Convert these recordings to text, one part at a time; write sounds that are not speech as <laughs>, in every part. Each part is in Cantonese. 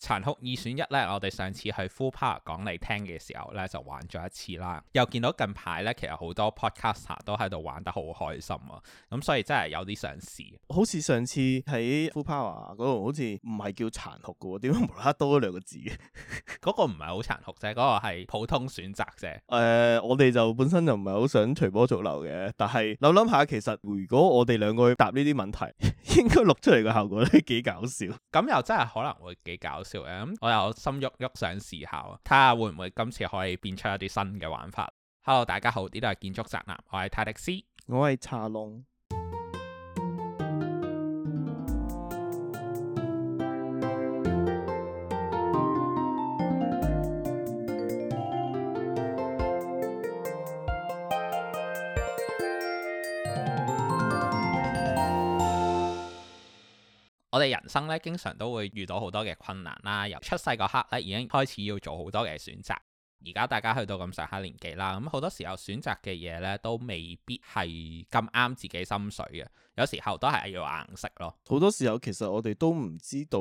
殘酷二選一咧，我哋上次喺《Full Power》講你聽嘅時候咧，就玩咗一次啦。又見到近排咧，其實好多 Podcaster 都喺度玩得好開心啊。咁所以真係有啲想試。好似上次喺 Full Power 嗰度，好似唔係叫殘酷嘅，點解無啦啦多咗兩個字嘅？嗰 <laughs> 個唔係好殘酷啫，嗰、嗰個係普通選擇啫。誒、呃，我哋就本身就唔係好想隨波逐流嘅，但係諗諗下，其實如果我哋兩個去答呢啲問題， <laughs> 應該錄出嚟嘅效果都幾搞笑。咁 <laughs> 又真係可能會幾搞笑。嘅咁，我又心喐喐想試下，睇下會唔會今次可以變出一啲新嘅玩法。Hello，大家好，呢度，係建築宅男，我係泰迪斯，我係茶龍。我哋人生咧，經常都會遇到好多嘅困難啦。由出世嗰刻咧，已經開始要做好多嘅選擇。而家大家去到咁上下年紀啦，咁好多時候選擇嘅嘢咧，都未必係咁啱自己心水嘅。有時候都係要硬食咯。好多時候其實我哋都唔知道，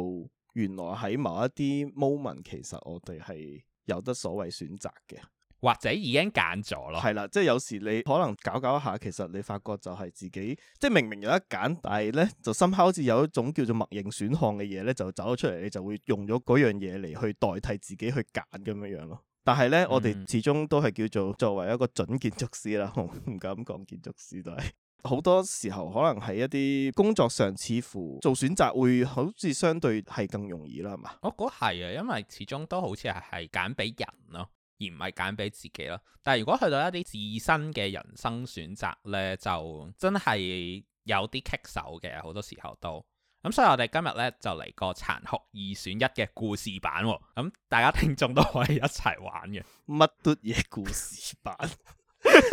原來喺某一啲 moment，其實我哋係有得所謂選擇嘅。或者已經揀咗咯，係啦，即係有時你可能搞一搞一下，其實你發覺就係自己，即係明明有得揀，但係咧就深刻好似有一種叫做默認選項嘅嘢咧，就走咗出嚟，你就會用咗嗰樣嘢嚟去代替自己去揀咁樣樣咯。但係咧，嗯、我哋始終都係叫做作為一個準建築師啦，唔敢講建築師都係好多時候可能喺一啲工作上，似乎做選擇會好似相對係更容易啦，係嘛？我覺得係啊，因為始終都好似係揀俾人咯。而唔係揀俾自己咯，但係如果去到一啲自身嘅人生選擇呢，就真係有啲棘手嘅，好多時候都咁。所以我哋今日呢，就嚟個殘酷二選一嘅故、哦、故事版，咁大家聽眾都可以一齊玩嘅。乜都嘢故事版，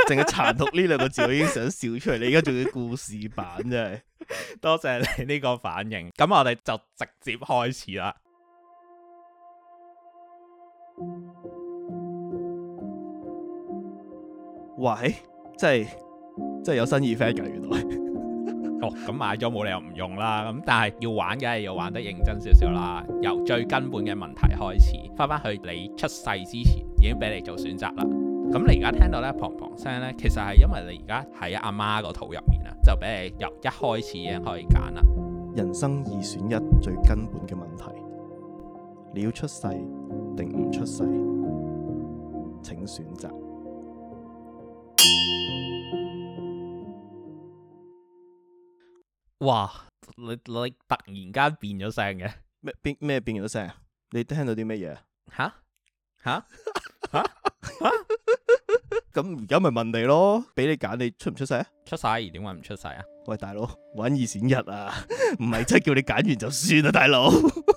淨係殘酷呢兩個字我已經想笑出嚟，你而家仲要故事版真係， <laughs> 多謝你呢個反應。咁我哋就直接開始啦。喂，誒，真係真係有新意 fag 原來哦，咁買咗冇理由唔用啦。咁但係要玩梗係，要玩得認真少少啦。由最根本嘅問題開始，翻返去你出世之前已經俾你做選擇啦。咁你而家聽到咧砰砰聲咧，其實係因為你而家喺阿媽個肚入面啊，就俾你由一開始已經可以揀啦。人生二選一，最根本嘅問題，你要出世定唔出世？請選擇。哇！你你突然間變咗聲嘅咩？變咩變咗聲？你聽到啲乜嘢？吓吓？咁而家咪問你咯，俾你揀，你出唔出世啊？出晒而點會唔出世啊？喂，大佬，玩二選一啊！唔係真叫你揀完就算啦，大佬。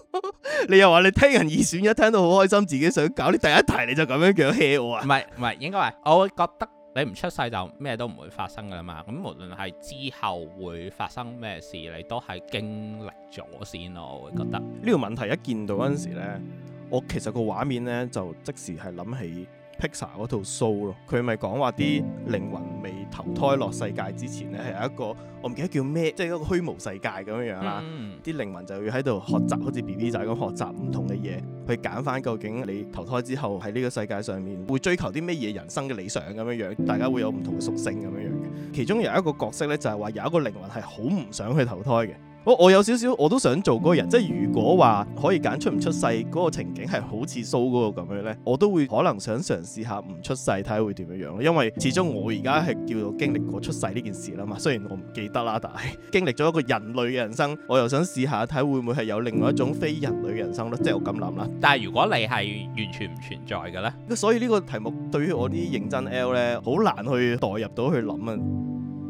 <laughs> 你又話你聽人二選一，聽到好開心，自己想搞，你第一題你就咁樣樣 hea 我，我啊？唔係唔係，應該係，我會覺得。你唔出世就咩都唔會發生嘅啦嘛，咁無論係之後會發生咩事，你都係經歷咗先咯。啊，我會覺得呢個、嗯這個、問題一見到嗰陣時呢，嗯、我其實個畫面呢，就即時係諗起。Pixar 嗰套 show 咯，佢咪講話啲靈魂未投胎落世界之前咧，係有一個我唔記得叫咩，即係一個虛無世界咁樣樣啦。嗯嗯嗯。啲靈魂就要喺度學習，好似 B B 仔咁學習唔同嘅嘢，去揀翻究竟你投胎之後喺呢個世界上面會追求啲咩嘢人生嘅理想咁樣樣，大家會有唔同嘅屬性咁樣樣嘅。其中有一個角色咧，就係話有一個靈魂係好唔想去投胎嘅。我我有少少，我都想做嗰個人，即係如果話可以揀出唔出世嗰個情景係好似 Soul 嗰個咁樣呢，我都會可能想嘗試下唔出世睇下會點樣樣咯。因為始終我而家係叫做經歷過出世呢件事啦嘛，雖然我唔記得啦，但係經歷咗一個人類嘅人生，我又想試下睇會唔會係有另外一種非人類嘅人生咯，即係我咁諗啦。但係如果你係完全唔存在嘅呢，咁所以呢個題目對於我啲認真 L 呢，好難去代入到去諗啊。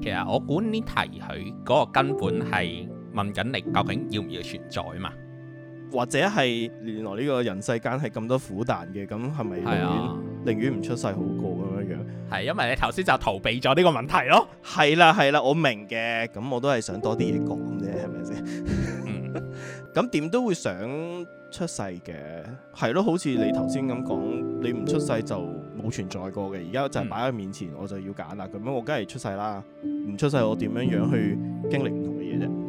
其實我估呢題佢嗰個根本係。問緊你究竟要唔要存在嘛？或者係原來呢個人世間係咁多苦難嘅，咁係咪寧願寧願唔出世好過咁樣樣？係、啊、因為你頭先就逃避咗呢個問題咯。係啦係啦，我明嘅，咁我都係想多啲嘢講啫，係咪先？咁 <laughs> 點、嗯、都會想出世嘅，係咯、啊？好似你頭先咁講，你唔出世就冇存在過嘅。而家就擺喺面前，我就要揀啦。咁、嗯、樣我梗係出世啦，唔出世我點樣樣去經歷唔同？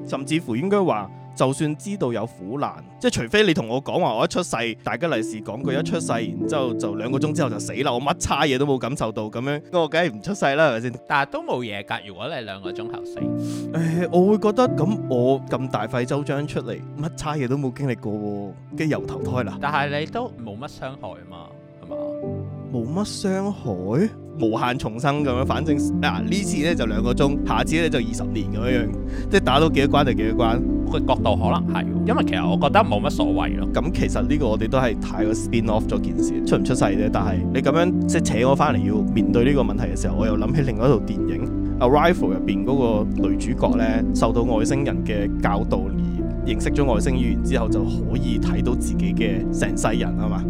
甚至乎應該話，就算知道有苦難，即係除非你同我講話，我一出世，大吉利是講句一出世，然之後就兩個鐘之後就死啦，我乜差嘢都冇感受到咁樣，我梗係唔出世啦，係咪先？但係都冇嘢㗎，如果你兩個鐘頭死，誒，我會覺得咁我咁大費周章出嚟，乜差嘢都冇經歷過，跟住又投胎啦。但係你都冇乜傷害啊嘛。冇乜傷害，無限重生咁樣，反正嗱、啊、呢次咧就兩個鐘，下次咧就二十年咁樣，即係打到幾多關就幾多關。個角度可能係，因為其實我覺得冇乜所謂咯。咁、嗯、其實呢個我哋都係太過 spin off 咗件事，出唔出世啫。但係你咁樣即係扯我翻嚟要面對呢個問題嘅時候，我又諗起另外一套電影《Arrival》入邊嗰個女主角呢，受到外星人嘅教導而認識咗外星語言之後，就可以睇到自己嘅成世人係嘛？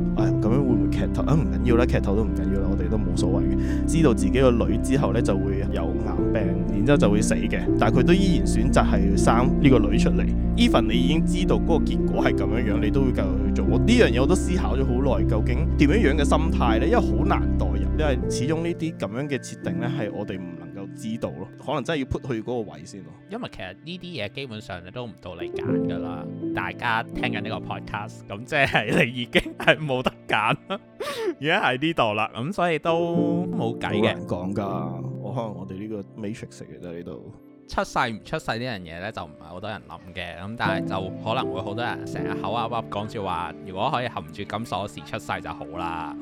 劇頭啊唔緊要啦，劇頭都唔緊要啦，我哋都冇所謂嘅。知道自己個女之後呢就會有癌病，然之後就會死嘅。但係佢都依然選擇係生呢個女出嚟。Even 你已經知道嗰個結果係咁樣樣，你都會繼續去做。我呢樣嘢我都思考咗好耐，究竟點樣樣嘅心態呢？因為好難代入，因為始終呢啲咁樣嘅設定呢，係我哋唔能。知道咯，可能真係要 put 去嗰個位先咯。因為其實呢啲嘢基本上你都唔到你揀噶啦， <music> 大家聽緊呢個 Podcast，咁即係你已經係冇得揀，而家喺呢度啦，咁所以都冇計嘅。講噶，我可能我哋呢個 matrix 嚟嘅都喺度。出世唔出世呢樣嘢咧就唔係好多人諗嘅，咁但係就可能會好多人成日口啊嗡講住話，如果可以含住金鎖匙出世就好啦。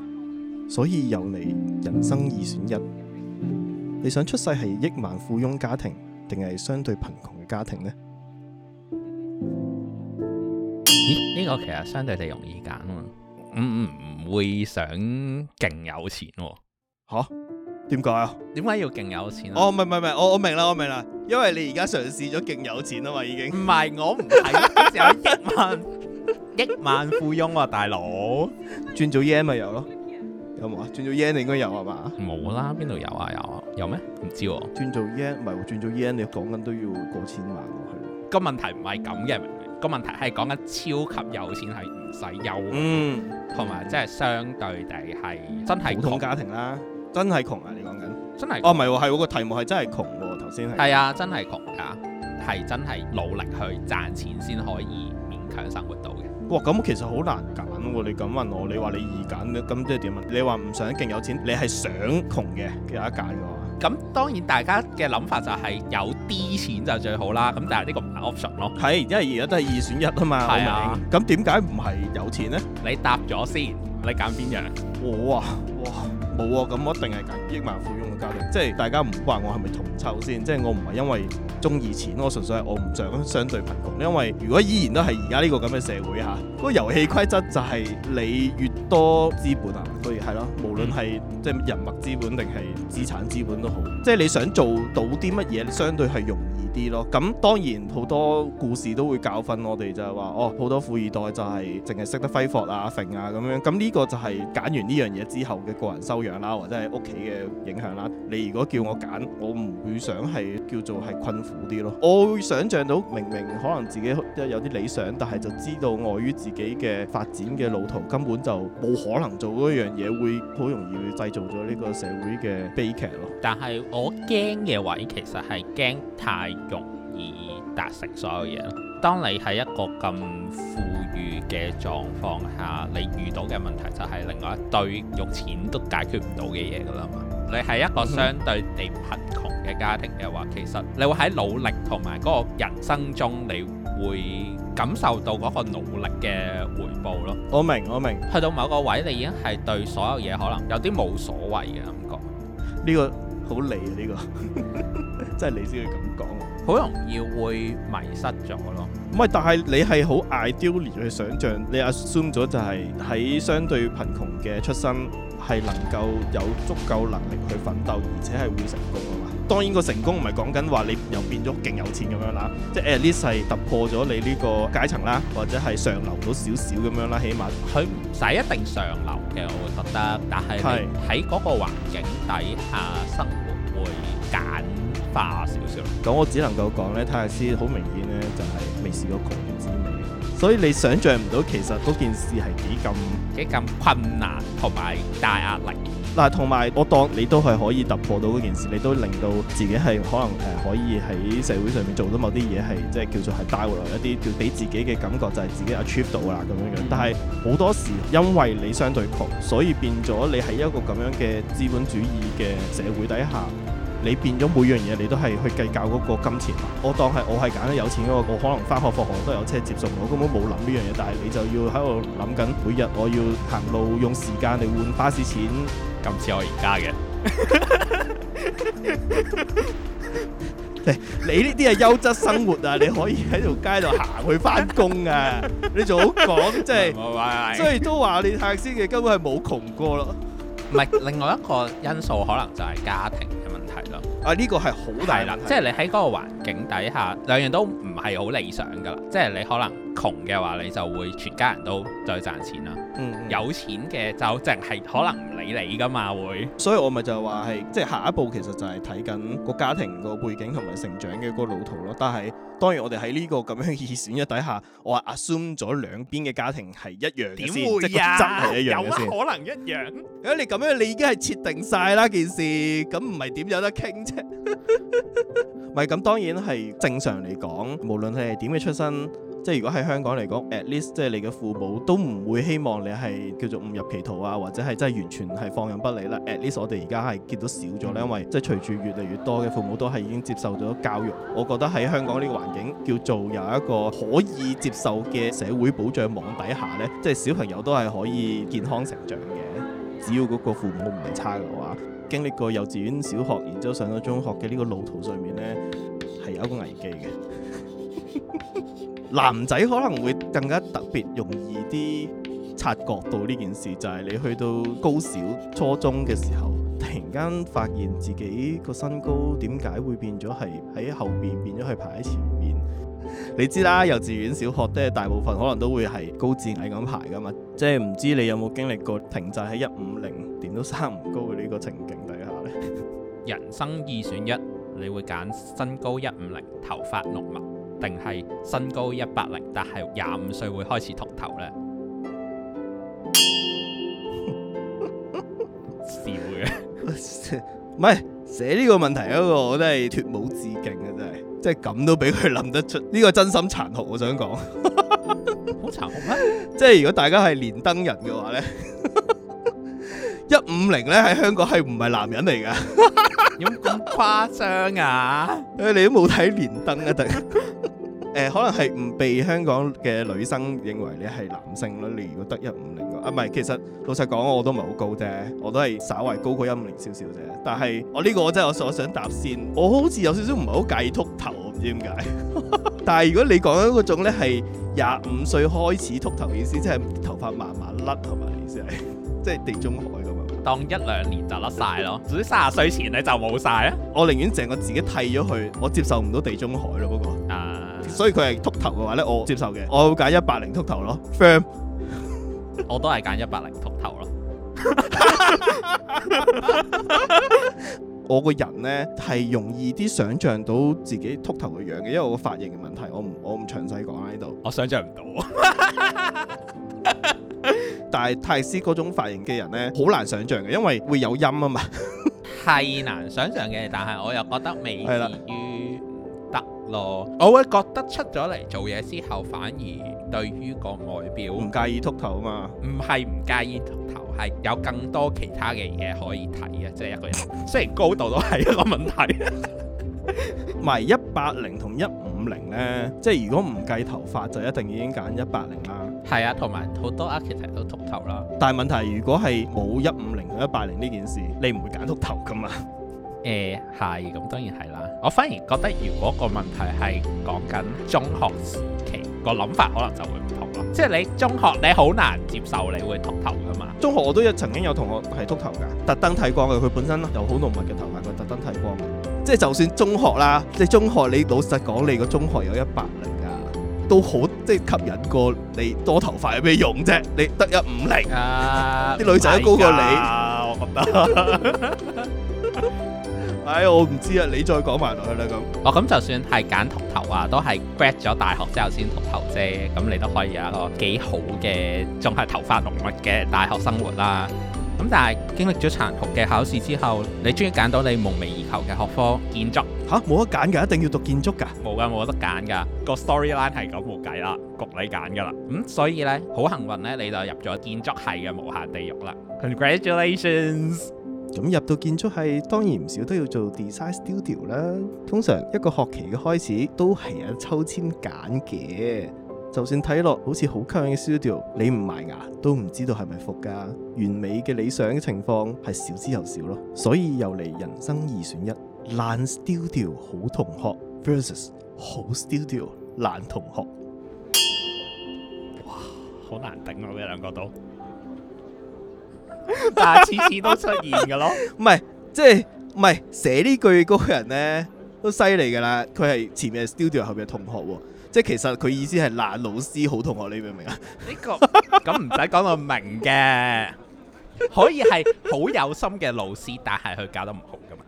所以由你人生二選一。你想出世係億萬富翁家庭，定係相對貧窮嘅家庭呢？咦？呢、呢個其實相對地容易揀、嗯嗯、啊！嗯嗯、啊，唔會想勁有錢喎。吓？點解啊？點解要勁有錢哦，唔係唔係，我我明啦，我明啦，因為你而家嘗試咗勁有錢啊嘛，已經唔係我唔係 <laughs> 有億萬億 <laughs> 萬富翁啊，大佬，轉做億 M 咪有咯。有冇啊？轉做 yen 你應該有啊嘛？冇啦，邊度有啊？有啊？有咩？唔知喎、啊。轉做 yen 唔係喎，轉做 yen, 你講緊都要過千萬喎，係。個問題唔係咁嘅，個問題係講緊超級有錢係唔使憂，嗯，同埋有、嗯、即係相對地係真係窮普通家庭啦，真係窮,真窮啊！你講緊真係哦，唔係喎，係、那、我個題目係真係窮喎，頭先係係啊，真係窮㗎，係真係努力去賺錢先可以勉強生活到嘅。哇，咁其實好難揀喎！你咁問我，你話你易揀，咁即係點呀？你話唔想勁有錢，你係想窮嘅，其實一揀嘅話，咁當然大家嘅諗法就係有啲錢就最好啦。咁但係呢個唔係 option 咯，係，因為而家都係二選一啊嘛。係咪，咁點解唔係有錢呢？你答咗先，你揀邊樣？我啊，哇！冇喎，咁我一定係揀億萬富翁嘅家庭，即係大家唔怪我係咪同臭先，即係我唔係因為中意錢，我純粹係我唔想相對貧窮，因為如果依然都係而家呢個咁嘅社會嚇，個遊戲規則就係你越多資本啊，所以係咯，無論係即係人脈資本定係資產資本都好，即係你想做到啲乜嘢，相對係容易。啲咯，咁當然好多故事都會教訓我哋就係、是、話，哦，好多富二代就係淨係識得揮霍啊、揈啊咁樣，咁呢個就係揀完呢樣嘢之後嘅個人修養啦、啊，或者係屋企嘅影響啦、啊。你如果叫我揀，我唔會想係叫做係困苦啲咯、啊。我會想像到明明可能自己即係有啲理想，但係就知道礙於自己嘅發展嘅路途，根本就冇可能做嗰樣嘢，會好容易去製造咗呢個社會嘅悲劇咯、啊。但係我驚嘅位其實係驚太容易達成所有嘢咯。當你喺一個咁富裕嘅狀況下，你遇到嘅問題就係另外一對用錢都解決唔到嘅嘢噶啦嘛。你係一個相對地貧窮嘅家庭嘅話，其實你會喺努力同埋嗰個人生中，你會感受到嗰個努力嘅回報咯。我明，我明。去到某個位，你已經係對所有嘢可能有啲冇所謂嘅感覺。呢個好理啊，呢個 <laughs> 真係你先會咁講。好容易會迷失咗咯，唔係，但係你係好 ideal 去想象，你 assume 咗就係喺相對貧窮嘅出身，係能夠有足夠能力去奮鬥，而且係會成功啊嘛。當然個成功唔係講緊話你又變咗勁有錢咁樣啦，即係 at least 係突破咗你呢個階層啦，或者係上流到少少咁樣啦，起碼佢唔使一定上流嘅，我覺得，但係喺嗰個環境底下生活會簡。花少少，咁我只能夠講咧，泰勒斯好明顯咧，就係、是、未試過窮人滋味，所以你想像唔到，其實嗰件事係幾咁幾咁困難同埋大壓力。嗱，同埋我當你都係可以突破到嗰件事，你都令到自己係可能誒可以喺社會上面做到某啲嘢，係即係叫做係帶回來一啲，叫俾自己嘅感覺就係自己 achieve 到啦咁樣樣。嗯、但係好多時因為你相對窮，所以變咗你喺一個咁樣嘅資本主義嘅社會底下。你變咗每樣嘢，你都係去計較嗰個金錢。我當係我係揀咗有錢嗰個，我可能返學放學都有車接送，我根本冇諗呢樣嘢。但係你就要喺度諗緊，每日我要行路用時間嚟換巴士錢，咁似我而家嘅。嚟你呢啲係優質生活啊！你可以喺條街度行去返工啊！你仲好講即係，所以都話你太先嘅根本係冇窮過咯。唔係，另外一個因素可能就係家庭。啊！呢、這個係好大，難啦，即係你喺嗰個環境底下，兩樣都唔係好理想㗎啦。即係你可能窮嘅話，你就會全家人都就要賺錢啦。嗯，嗯，有錢嘅就淨係可能、嗯。理你噶嘛會，所以我咪就話係，即係下一步其實就係睇緊個家庭個背景同埋成長嘅嗰個路途咯。但係當然我哋喺呢個咁樣二選一底下，我係 assume 咗兩邊嘅家庭係一樣嘅先，點會啊？真係一樣，有乜可能一樣？如果你咁樣，你已經係設定晒啦件事，咁唔係點有得傾啫？唔係咁，當然係正常嚟講，無論係點嘅出身。即係如果喺香港嚟講，at least 即係你嘅父母都唔會希望你係叫做誤入歧途啊，或者係真係完全係放任不理啦、啊。at least 我哋而家係見到少咗啦，因為即係隨住越嚟越多嘅父母都係已經接受咗教育，我覺得喺香港呢個環境叫做有一個可以接受嘅社會保障網底下呢，即係小朋友都係可以健康成長嘅，只要嗰個父母唔係差嘅話，經歷過幼稚園、小學，然之後上到中學嘅呢個路途上面呢，係有一個危機嘅。 <laughs> 男仔可能會更加特別容易啲察覺到呢件事，就係、是、你去到高小、初中嘅時候，突然間發現自己個身高點解會變咗係喺後邊變咗係排喺前面。 <laughs> 你知啦，幼稚園、小學都係大部分可能都會係高智矮咁排噶嘛，即係唔知你有冇經歷過停滯喺一五零，點都生唔高嘅呢、這個情景底下呢？ <laughs> 人生二選一，你會揀身高一五零，頭髮濃密，定係身高一百零，但係廿五歲會開始禿頭咧？笑嘅。 <laughs> <laughs> 唔係寫呢個問題嗰、嗰個，我真係脫帽致敬啊！真係，即係咁都俾佢諗得出，呢、呢個真心殘酷。我想講，好 <laughs> 殘酷咩？ <laughs> 即係如果大家係連登人嘅話咧，一五零咧喺香港係唔係男人嚟噶？有咁誇張啊？誒， <laughs> <laughs> 你都冇睇連登啊？第 <laughs> 誒、呃、可能係唔被香港嘅女生認為你係男性囉，你如果得一五零啊，唔係，其實老實講，我都唔係好高啫，我都係稍為高過一五零少少啫。但係我呢個我真係我想搭線，我好似有少少唔係好介意禿頭，唔知點解。 <laughs> 但係如果你講緊嗰種呢係廿五歲開始禿頭意思，即係頭髮慢慢甩同埋意思係， <laughs> 即係地中海。當一兩年就甩晒咯，總之三十歲前你就冇晒啊！我寧願成個自己剃咗去，我接受唔到地中海咯，不、那、過、個，啊、uh，所以佢係禿頭嘅話呢，我接受嘅，我會揀一百零禿頭咯，firm， <laughs> 我都係揀一百零禿頭咯，我個人呢，係容易啲想象到自己禿頭嘅樣嘅，因為我髮型嘅問題，我唔我唔詳細講喺度，我想象唔到。 <laughs> <laughs> <laughs> 但係泰斯嗰種髮型嘅人呢，好難想象嘅，因為會有音啊嘛，太 <laughs> 難想象嘅。但係我又覺得未至於得咯。我會覺得出咗嚟做嘢之後，反而對於個外表唔介意禿頭啊嘛，唔係唔介意禿頭，係有更多其他嘅嘢可以睇啊。即係一個人，雖然高度都係一個問題。 <laughs> 咪一八零同一五零呢？嗯、即係如果唔計頭髮就一定已經揀一八零啦。係啊，同埋好多 architect 都禿頭啦。但係問題如果係冇一五零同一八零呢件事，你唔會揀禿頭噶嘛？誒係、欸，咁當然係啦。我反而覺得如果個問題係講緊中學時期、個諗法，可能就會唔同咯。即係你中學你好難接受你會禿頭噶嘛？中學我都有曾經有同學係禿頭噶，特登剃光嘅。佢本身有好濃密嘅頭髮，佢特登剃光。即係就算中學啦，即係中學，你老實講，你個中學有一百零啊，都好即係吸引過你多頭髮有咩用啫？你得一五零啊，啲女仔都高過你，我覺得。唉，我唔知啊，你再講埋落去啦，咁。哦，咁就算係揀禿頭啊，都係 grad 咗大學之後先禿頭啫，咁你都可以有一個幾好嘅，仲係頭髮濃密嘅大學生活啦。咁但係經歷咗殘酷嘅考試之後，你終於揀到你夢寐以求嘅學科建築。吓、啊？冇得揀㗎，一定要讀建築㗎。冇㗎，冇得揀㗎。個 storyline 係咁冇計啦，局你揀㗎啦。咁、嗯、所以呢，好幸運呢，你就入咗建築系嘅無限地獄啦。Congratulations！咁、嗯、入到建築系，當然唔少都要做 design studio 啦。通常一個學期嘅開始都係有抽籤揀嘅。就算睇落好似好吸引嘅 studio，你唔埋牙都唔知道係咪復噶？完美嘅理想嘅情況係少之又少咯，所以又嚟人生二選一，爛 studio 好同學 versus 好 studio 爛同學。哇，好難頂啊！呢兩個都， <laughs> 但次次都出現嘅咯。唔係， <laughs> 即係唔係寫呢句嗰人呢，都犀利噶啦，佢係前面係 studio，後邊係同學，啊。即係其實佢意思係爛老師好同學，你明唔、這個、明啊？呢個咁唔使講，我明嘅，可以係好有心嘅老師，但係佢教得唔好噶嘛？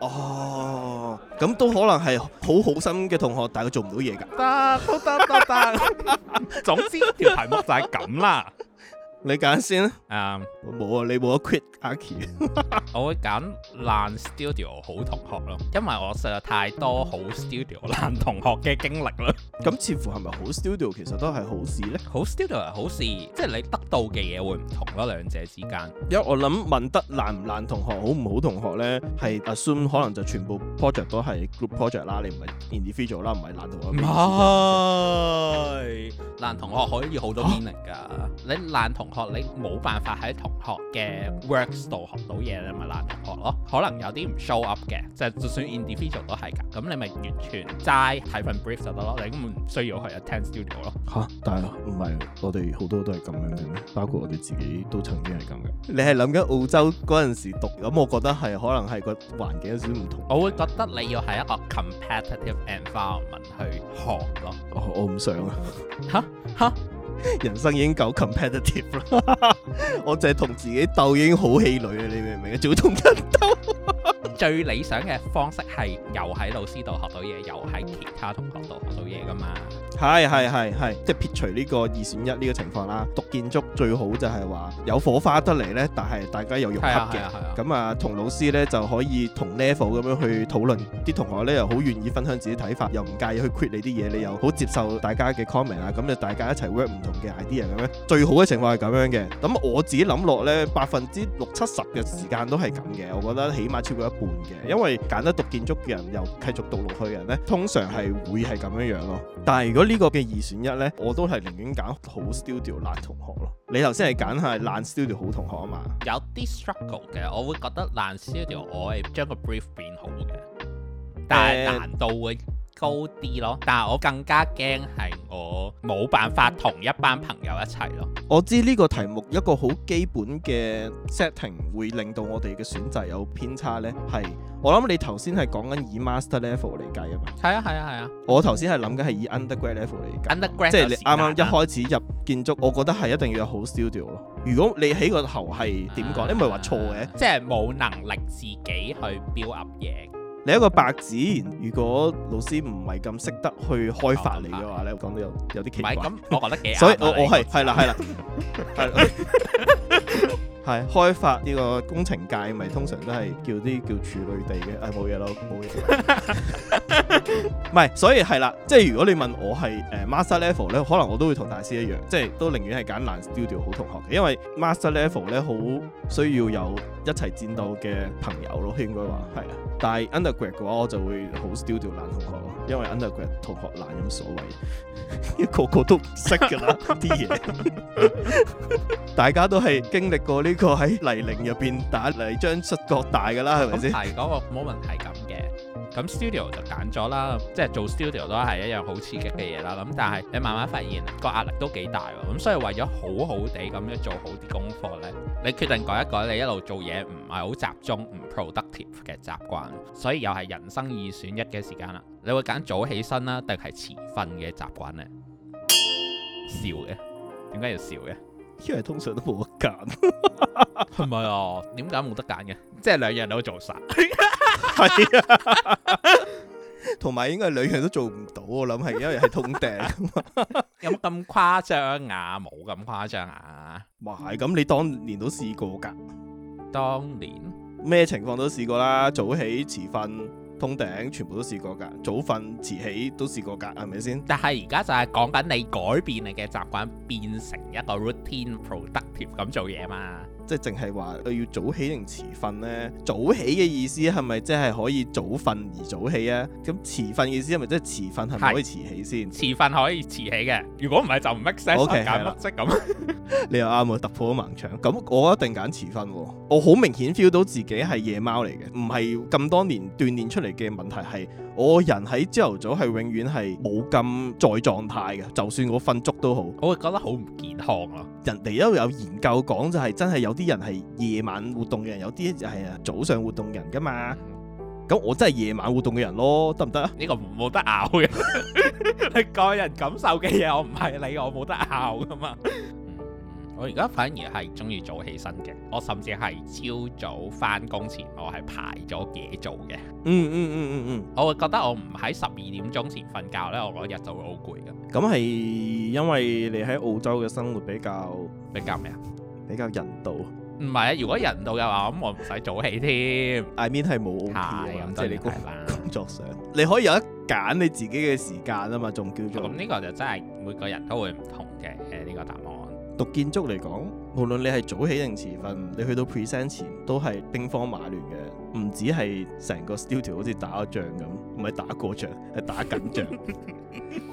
哦，咁都可能係好好心嘅同學，但係佢做唔到嘢㗎。得得得得，總之條題目就係咁啦。你揀先啦，誒，冇啊，你冇得 quit，Aki，我會揀爛 studio 好同學咯，因為我實在太多好 studio 爛同學嘅經歷啦。咁似乎係咪好 studio 其實都係好事咧？好 studio 係好事，即係你得到嘅嘢會唔同啦，兩者之間。因為我諗問得爛唔爛同學好唔好同學咧，係 assume 可能就全部 project 都係 group project 啦，你唔係 individual 啦，唔係爛同學。唔係，爛同學可以好多經歷㗎，你爛同。學你冇辦法喺同學嘅 works 度學到嘢，你咪難學咯。可能有啲唔 show up 嘅，就就算 individual 都係㗎。咁你咪完全齋睇份 brief 就得咯，你根本唔需要去 attend studio 咯。嚇！但係唔係我哋好多都係咁樣嘅咩？包括我哋自己都曾經係咁嘅。你係諗緊澳洲嗰陣時讀，咁我覺得係可能係個環境有少少唔同。我會覺得你要係一個 competitive environment 去學咯。我唔想啊！嚇嚇！人生已經夠 competitive 啦， <laughs> 我淨係同自己鬥已經好氣餒啦，你明唔明啊？仲要同人鬥？ <laughs> 最理想嘅方式係又喺老師度學到嘢，又喺其他同學度學到嘢噶嘛？係係係係，即係撇除呢個二選一呢個情況啦。讀建築最好就係話有火花得嚟呢，但係大家又融洽嘅。咁啊，同老師呢就可以同 level 咁樣去討論，啲同學呢又好願意分享自己睇法，又唔介意去 crit 你啲嘢，你又好接受大家嘅 comment 啊。咁就大家一齊 work 唔同嘅 idea 咁樣，最好嘅情況係咁樣嘅。咁我自己諗落呢，百分之六七十嘅時間都係咁嘅，我覺得起碼超過一嘅，因為揀得讀建築嘅人又繼續讀落去嘅人咧，通常係會係咁樣樣咯。但係如果呢個嘅二選一咧，我都係寧願揀好 studio 爛同學咯。你頭先係揀係爛 studio 好同學啊嘛？有啲 struggle 嘅，我會覺得爛 studio 我係將個 brief 變好嘅，但係難度會，呃高啲咯，但係我更加驚係我冇辦法同一班朋友一齊咯。我知呢個題目一個好基本嘅 setting 會令到我哋嘅選擇有偏差呢，係我諗你頭先係講緊以 master level 嚟計啊嘛。係啊，係啊，係啊。我頭先係諗緊係以 undergraduate level 嚟計。Undergraduate，即係你啱啱一開始入建築，啊、我覺得係一定要有好 studio 咯。如果你起個頭係點講？你唔係話錯嘅、啊，即係冇能力自己去 build up 嘢。你一個白紙，如果老師唔係咁識得去開發你嘅話咧，講到有有啲奇怪，咁，我覺得 <laughs> 所以，我我係係啦，係啦的，係。 <laughs> 係 <laughs> 開發呢個工程界，咪通常都係叫啲叫處女地嘅。誒、哎，冇嘢咯，冇嘢。唔係， <laughs> <laughs> 所以係啦，即係如果你問我係誒 master level 咧，可能我都會同大師一樣，即係都寧願係揀難 studio 好同學嘅，因為 master level 咧好需要有一齊戰鬥嘅朋友咯，應該話係啊。但係 undergrad 嘅話，我就會好 studio 懶同學咯，因為 undergrad 同學懶冇所謂，一個個都唔識噶啦啲嘢，大家都係經歷過呢個喺泥濘入邊打嚟，將出各大噶啦，係咪先？嗰個冇問題咁嘅，咁 studio 就揀咗啦，即係做 studio 都係一樣好刺激嘅嘢啦。咁但係你慢慢發現個壓力都幾大，咁所以為咗好好地咁樣做好啲功課咧，你決定改一改你一路做嘢唔係好集中唔 productive 嘅習慣，所以又係人生二選一嘅時間啦。你會揀早起身啦，定係遲瞓嘅習慣咧？笑嘅，點解要笑嘅？因為通常都冇 <laughs> 得揀，係咪啊？點解冇得揀嘅？即係兩樣都做晒。係 <laughs> <laughs> 是、啊 <laughs> 同埋應該兩樣都做唔到，我諗係因為係通頂 <laughs> 有咁誇張啊？冇咁誇張啊？哇！咁你當年都試過㗎？當年咩情況都試過啦，早起遲瞓通頂，全部都試過㗎。早瞓遲起都試過㗎，係咪先？但係而家就係講緊你改變你嘅習慣，變成一個 routine productive 咁做嘢嘛。即係淨係話要早起定遲瞓呢？早起嘅意思係咪即係可以早瞓而早起啊？咁遲瞓意思係咪即係遲瞓係咪可以遲起先？遲瞓可以遲起嘅，如果唔係就唔 make sense 咁。了 <laughs> 你又啱，我突破咗盲腸。咁我一定揀遲瞓喎。我好明顯 feel 到自己係夜貓嚟嘅，唔係咁多年鍛鍊出嚟嘅，問題係我人喺朝頭早係永遠係冇咁在狀態嘅。就算我瞓足都好，我會覺得好唔健康咯。人哋都有研究講就係真係有。有啲人係夜晚活動嘅人，有啲係啊早上活動嘅人噶嘛。咁我真係夜晚活動嘅人咯，得唔得啊？呢個冇得拗嘅，你個人感受嘅嘢，我唔係你，我冇得拗噶嘛。我而家反而係中意早起身嘅，我甚至係朝早翻工前我，我係排咗嘢做嘅。嗯嗯嗯嗯嗯，嗯我會覺得我唔喺十二點鐘前瞓覺呢，我嗰日就會好攰噶。咁係因為你喺澳洲嘅生活比較比較咩啊？比較人道，唔係啊！如果人道嘅話，咁 <laughs> 我唔使早起添。I mean 係冇 OK，即係你工作的工作上，你可以有得揀你自己嘅時間啊嘛，仲叫做咁，呢個就真係每個人都會唔同嘅呢、呢個答案。讀建築嚟講。無論你係早起定遲瞓，你去到 present 前都係兵荒馬亂嘅，唔止係成個 studio 好似打個仗咁，唔係打過仗，係打緊仗。 <laughs>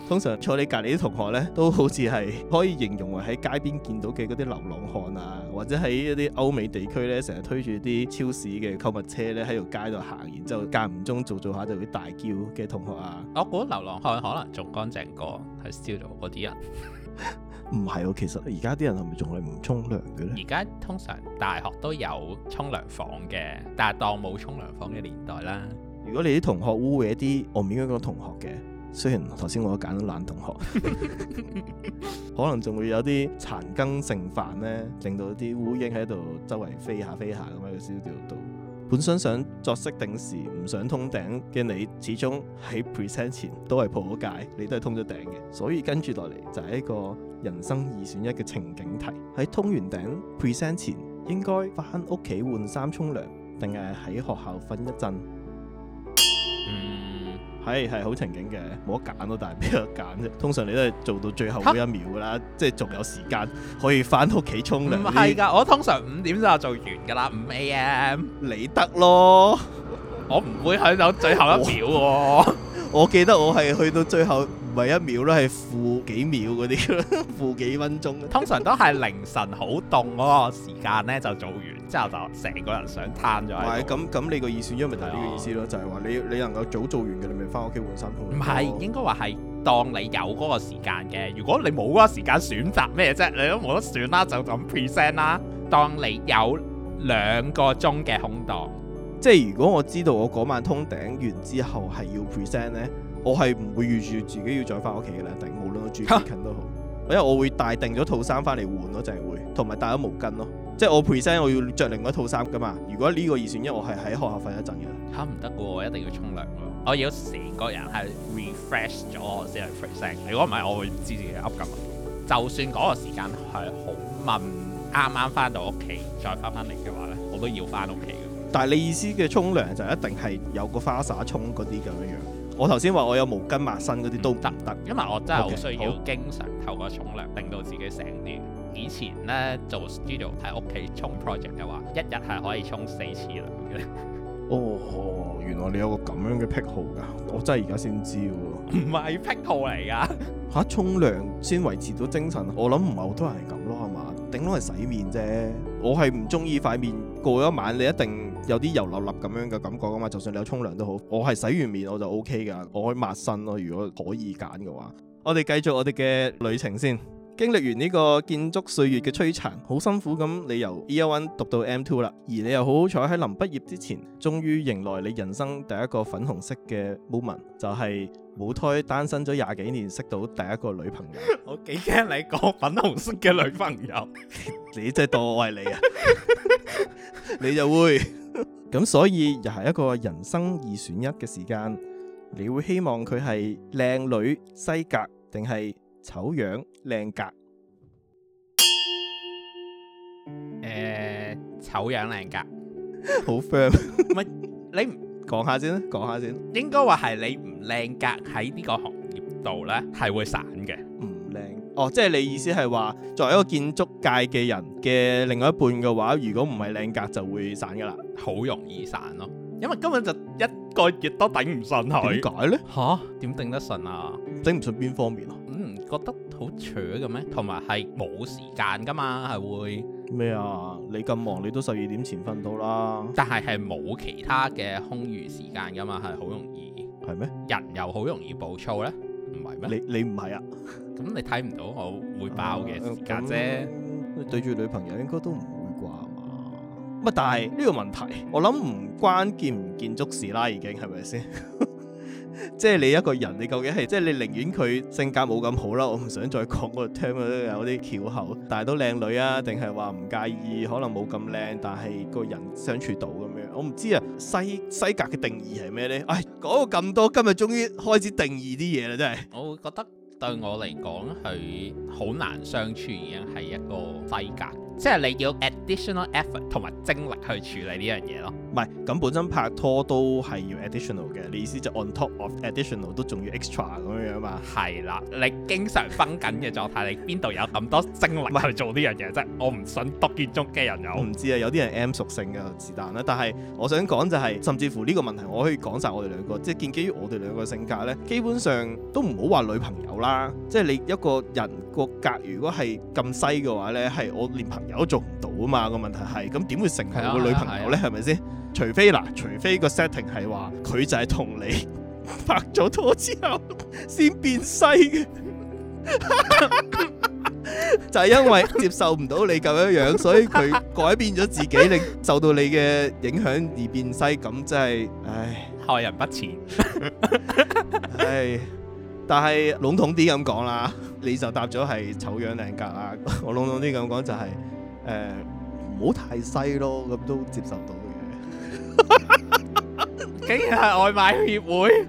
通常坐你隔離啲同學呢，都好似係可以形容為喺街邊見到嘅嗰啲流浪漢啊，或者喺一啲歐美地區呢，成日推住啲超市嘅購物車呢喺條街度行，然之後間唔中做做下就會大叫嘅同學啊。我覺得流浪漢可能仲乾淨過喺 studio 嗰啲人。唔係哦，其實而家啲人係咪仲係唔沖涼嘅咧？而家通常大學都有沖涼房嘅，但係當冇沖涼房嘅年代啦。如果你啲同學污一啲，我唔應該講同學嘅，雖然頭先我揀咗懶同學，可能仲會有啲殘羹剩飯咧，整到啲烏蠅喺度周圍飛下飛下咁喺個小調度。本身想，想作息定時唔想通頂嘅你，始終喺 present 前都係破咗戒，你都係通咗頂嘅，所以跟住落嚟就係一個人生二選一嘅情景題。喺通完頂 present 前，應該返屋企換衫沖涼，定係喺學校瞓一陣？嗯係係好情景嘅，冇得揀咯，但係邊個揀啫？通常你都係做到最後嗰一秒噶啦，蛤即係仲有時間可以翻屋企沖涼。唔係㗎，些我通常五點就做完㗎啦，五 AM 你得咯，我唔會喺度最後一秒。我記得我係去到最後。唔係一秒咯，係負幾秒嗰啲，負幾分鐘。 <laughs> 通常都係凌晨好凍嗰個時間咧，就做完之後就成個人想癱咗。唔係咁咁，你意是是個意思因為、啊、就呢個意思咯，就係話你你能夠早做完嘅，你咪翻屋企換衫通。唔係是，那個、應該話係當你有嗰個時間嘅，如果你冇嗰個時間，選擇咩啫？你都冇得選啦，就咁 present 啦。當你有兩個鐘嘅空檔，即係如果我知道我嗰晚通頂完之後係要 present 咧。我係唔會預住自己要再翻屋企嘅啦，定無論我住幾近都好，因為我會帶定咗套衫翻嚟換咯，就係會同埋帶咗毛巾咯，即係我 present，我要着另外一套衫噶嘛。如果呢個二選一，我係喺學校瞓一陣嘅。吓，唔得噶，我一定要沖涼，我要成個人係 refresh 咗先嚟 present。如果唔係，我會唔知自己噏緊。就算嗰個時間係好慢，啱啱翻到屋企再翻翻嚟嘅話咧，我都要翻屋企。但係你意思嘅沖涼就一定係有個花灑沖嗰啲咁樣樣。我頭先話我有毛巾抹身嗰啲都得唔得？因為我真係好 Okay, 需要經常透過沖涼好令到自己醒啲。以前咧做 studio 喺屋企沖 project 嘅話，一日係可以沖四次涼嘅。 <laughs> 哦，原來你有個咁樣嘅癖好㗎，我真係而家先知喎。唔係癖好嚟㗎。嚇，沖涼先維持到精神？我諗唔係好多人係咁咯，係嘛？頂多係洗面啫。我係唔中意塊面過一晚，你一定。有啲油立立咁樣嘅感覺噶嘛？就算你有沖涼都好，我係洗完面我就 OK 噶，我可以抹身咯。如果可以揀嘅話，我哋繼續我哋嘅旅程先。經歷完呢個建築歲月嘅摧殘，好辛苦咁，你由 E1 讀到 M2 啦，而你又好好彩喺臨畢業之前，終於迎來你人生第一個粉紅色嘅 moment，就係母胎單身咗廿幾年，識到第一個女朋友。 <laughs> 我幾驚你講粉紅色嘅女朋友， <laughs> 你真係多愛你啊！ <laughs> 你就會。咁所以又係一個人生二選一嘅時間，你會希望佢係靚女西格定係醜樣靚格？誒，醜樣靚格，好 firm 乜？你講下先啦，講下先。應該話係你唔靚格喺呢個行業度呢，係會散嘅。哦，即係你意思係話，作為一個建築界嘅人嘅另外一半嘅話，如果唔係靚格就會散噶啦，好容易散咯。因為根本就一個月都頂唔順去。點解呢？吓？點頂得順啊？頂唔順邊方面啊？嗯，覺得好扯嘅咩？同埋係冇時間噶嘛，係會咩啊？你咁忙，你都十二點前瞓到啦。但係係冇其他嘅空餘時間噶嘛，係好容易。係咩嗎？人又好容易暴躁呢？唔係咩？你你唔係啊？咁你睇唔到我會包嘅時間啫。對住女朋友應該都唔會啩嘛？乜、嗯？但係呢、嗯，這個問題，我諗唔關建唔建築事啦，已經係咪先？即係 <laughs> 你一個人，你究竟係即係你寧願佢性格冇咁好啦？我唔想再講，我聽都有啲橋口，但係都靚女啊？定係話唔介意？可能冇咁靚，但係個人相處到我唔知啊，西西格嘅定義係咩呢？唉，講咗咁多，今日終於開始定義啲嘢啦，真係。我會覺得對我嚟講係好難相處，已經係一個西格。即係你要 additional effort 同埋精力去處理呢樣嘢咯，唔係咁本身拍拖都係要 additional 嘅，你意思就 on top of additional 都仲要 extra 咁樣啊嘛？係啦，你經常分緊嘅狀態， <laughs> 你邊度有咁多精力去做呢樣嘢啫？是我唔信讀建築嘅人有，我唔知啊，有啲人 M 屬性嘅是但啦，但係我想講就係、是，甚至乎呢個問題我可以講晒我哋兩個，即係建基於我哋兩個性格咧，基本上都唔好話女朋友啦，即係你一個人個格,格如果係咁西嘅話咧，係我連朋友有做唔到啊嘛？個問題係咁，點會成為我女朋友呢？係咪先？除非嗱，除非個 setting 係話佢就係同你拍咗拖之後先變細嘅， <laughs> <laughs> 就係因為接受唔到你咁樣樣，所以佢改變咗自己，令受到你嘅影響而變細。咁真係唉，害人不淺。 <laughs> 唉，但係籠統啲咁講啦，你就答咗係醜樣靚格啦。我籠統啲咁講就係、是。誒，唔好、呃、太西咯，咁都接受到嘅。 <laughs> <laughs> <laughs> 竟然係外賣協會，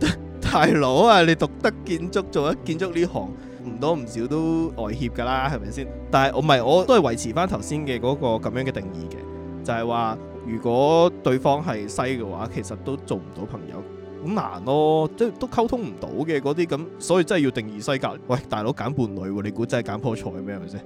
<laughs> <laughs> 大佬啊！你讀得建築做一建築呢行，唔多唔少都外協噶啦，係咪先？但係我唔係，我都係維持翻頭先嘅嗰個咁樣嘅定義嘅，就係、是、話如果對方係西嘅話，其實都做唔到朋友，好難咯，即係都溝通唔到嘅嗰啲咁，所以真係要定義西格。喂，大佬揀伴侶，你估真係揀破菜咩？係咪先？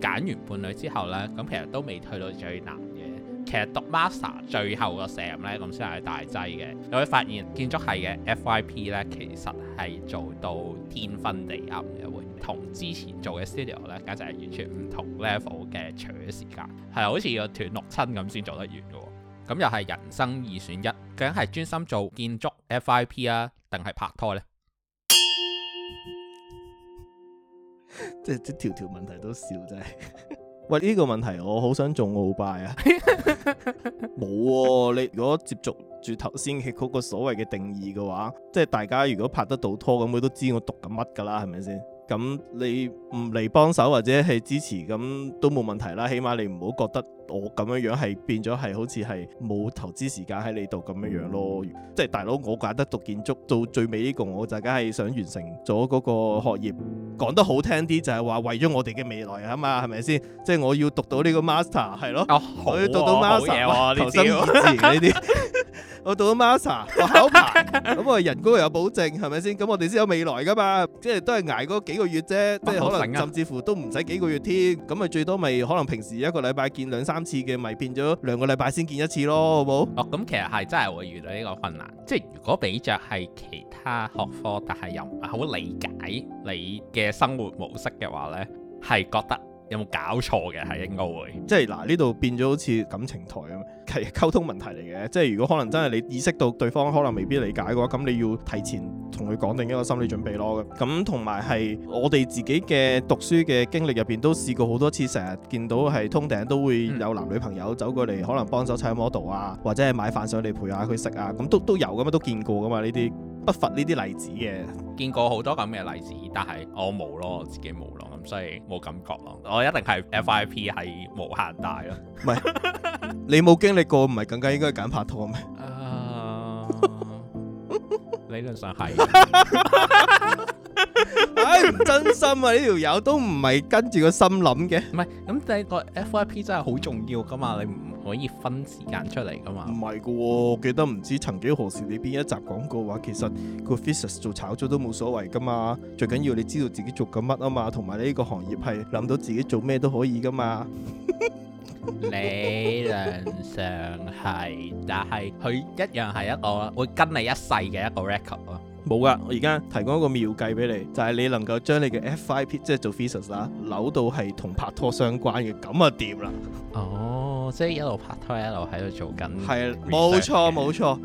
揀完伴侶之後呢，咁其實都未去到最難嘅。其實讀 master 最後個 exam 呢，咁先係大劑嘅。你會發現建築系嘅 FYP 呢，其實係做到天昏地暗嘅，會同之前做嘅 studio 呢，簡直係完全唔同 level 嘅。除咗時間，係好似要斷六親咁先做得完嘅。咁又係人生二選一，究竟係專心做建築 FYP 啊，定係拍拖呢？即係即條條問題都笑真係，喂呢 <laughs> 個問題我好想做鰲拜啊，冇喎，你如果接觸住頭先嘅嗰個所謂嘅定義嘅話，即係大家如果拍得到拖咁，都知我讀緊乜噶啦，係咪先？咁你唔嚟幫手或者係支持，咁都冇問題啦，起碼你唔好覺得。我咁樣樣係變咗係好似係冇投資時間喺你度咁樣樣咯，即係大佬我揀得讀建築到最尾呢個，我就梗係想完成咗嗰個學業。講得好聽啲就係話為咗我哋嘅未來啊嘛，係咪先？即係我要讀到呢個 master 係咯，我要讀到 master，、啊啊啊、投身二字呢啲。我讀到 master，我考牌咁 <laughs> 我人工又有保證，係咪先？咁我哋先有未來噶嘛？即係都係挨嗰幾個月啫，即係可能甚至乎都唔使幾個月添。咁咪最多咪可能平時一個禮拜見兩三。三次嘅咪變咗兩個禮拜先見一次咯，好冇？哦，咁其實係真係會遇到呢個困難，即係如果俾着係其他學科，但係又唔係好理解你嘅生活模式嘅話咧，係覺得。有冇搞錯嘅？係應該會，即係嗱呢度變咗好似感情台咁，係溝通問題嚟嘅。即係如果可能真係你意識到對方可能未必理解嘅話，咁你要提前同佢講定一個心理準備咯。咁，同埋係我哋自己嘅讀書嘅經歷入邊都試過好多次，成日見到係通頂都會有男女朋友走過嚟，嗯、可能幫手砌 model 啊，或者係買飯上嚟陪下佢食啊，咁都都有咁啊，都見過噶嘛，呢啲不乏呢啲例子嘅。見過好多咁嘅例子，但係我冇咯，我自己冇咯。所以冇感覺咯，我一定係 FIP 係無限大咯是，唔係 <laughs> 你冇經歷過，唔係更加應該揀拍拖咩？Uh <laughs> <laughs> 理論上係，唉，唔真心啊！呢條友都唔係跟住個心諗嘅。唔係，咁第一個 FYP 真係好重要噶嘛，嗯、你唔可以分時間出嚟噶嘛。唔係噶，我記得唔知曾幾何時你邊一集講過話，其實個 physics 做炒咗都冇所謂噶嘛，最緊要你知道自己做緊乜啊嘛，同埋呢個行業係諗到自己做咩都可以噶嘛。 <laughs> 理論上係，但係佢一樣係一個會跟你一世嘅一個 record 啊。冇噶，我而家提供一個妙計俾你，就係、是、你能夠將你嘅 FYP 即係做 thesis 啊，扭到係同拍拖相關嘅，咁啊掂啦。哦。Oh. 所以一路拍拖，一路喺度做緊。係，冇錯冇錯。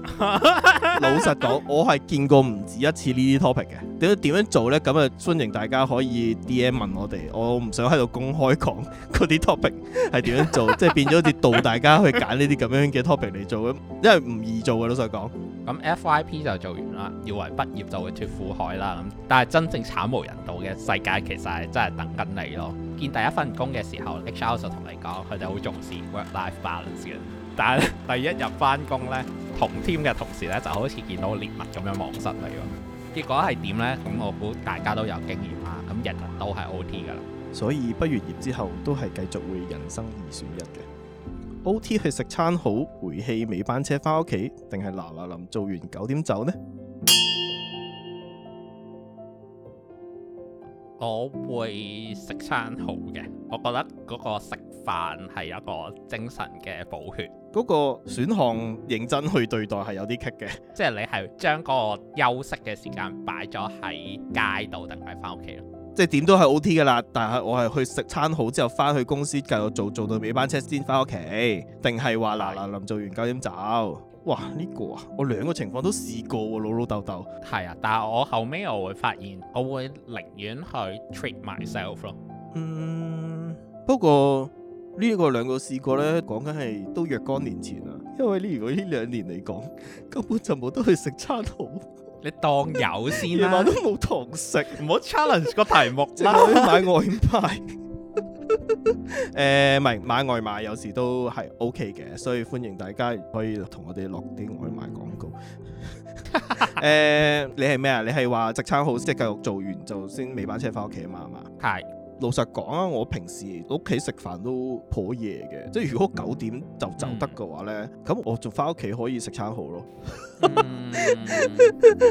老實講，我係見過唔止一次呢啲 topic 嘅。點樣，點樣做呢？咁啊，歡迎大家可以 DM 我哋。我唔想喺度公開講嗰啲 topic 係點樣做， <laughs> 即係變咗好似導大家去揀呢啲咁樣嘅 topic 嚟做。因為唔易做嘅，老實講。咁 FYP 就做完啦，以為畢業就會脱苦海啦。咁，但係真正慘無人道嘅世界其實係真係等緊你咯。見第一份工嘅時候，HR 就同你講，佢哋好重視 work-life balance 嘅，但係第一日翻工呢，同 team 嘅同事呢，就好似見到獵物咁樣望失你喎。結果係點呢？咁我估大家都有經驗啦，咁日日都係 O.T. 噶啦。所以畢完業之後都係繼續會人生二選一嘅，O.T. 去食餐好，回氣尾班車翻屋企，定係嗱嗱臨做完九點走呢？我會食餐好嘅，我覺得嗰個食飯係一個精神嘅補血。嗰個選項認真去對待係有啲棘嘅，即係你係將嗰個休息嘅時間擺咗喺街度，定係翻屋企咯？即係點都係 OT 噶啦，但係我係去食餐好之後翻去公司繼續做，做到尾班車先翻屋企，定係話嗱嗱臨做完九點走？哇！呢個啊，我兩個情況都試過喎、啊，老老豆豆。係啊，但係我後尾我會發現，我會寧願去 treat myself 咯。嗯，不過呢個兩個試過呢，講緊係都若干年前啦。因為呢如果呢兩年嚟講，根本就冇得去食餐堂。 <laughs> 你當有先啦， <laughs> 都冇堂食，唔好 <laughs> challenge 個題目。拉我去買外賣。 <laughs> 誒，係、 <laughs> 呃、買外賣有時都係 OK 嘅，所以歡迎大家可以同我哋落啲外賣廣告。誒、 <laughs> 呃，你係咩啊？你係話食餐好即係繼續做完就先尾班車翻屋企啊嘛？係嘛？係是。老實講啊，我平時屋企食飯都頗夜嘅，即係如果九點就走得嘅話咧，咁、嗯、我就翻屋企可以食餐好咯。 <laughs> 嗯、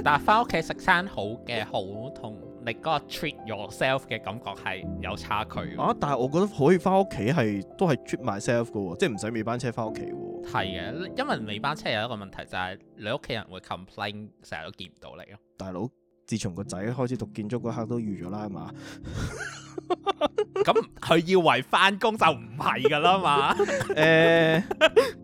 但係翻屋企食餐好嘅好痛。你嗰個 treat yourself 嘅感覺係有差距啊！但係我覺得可以返屋企係都係 treat myself 嘅，哦，即係唔使尾班車返屋企。係嘅，因為尾班車有一個問題就係你屋企人會 complain，成日都見唔到你咯，大佬。自從個仔開始讀建築嗰刻都預咗啦，係 <laughs> <laughs> 嘛？咁佢以為翻工就唔係噶啦嘛？誒，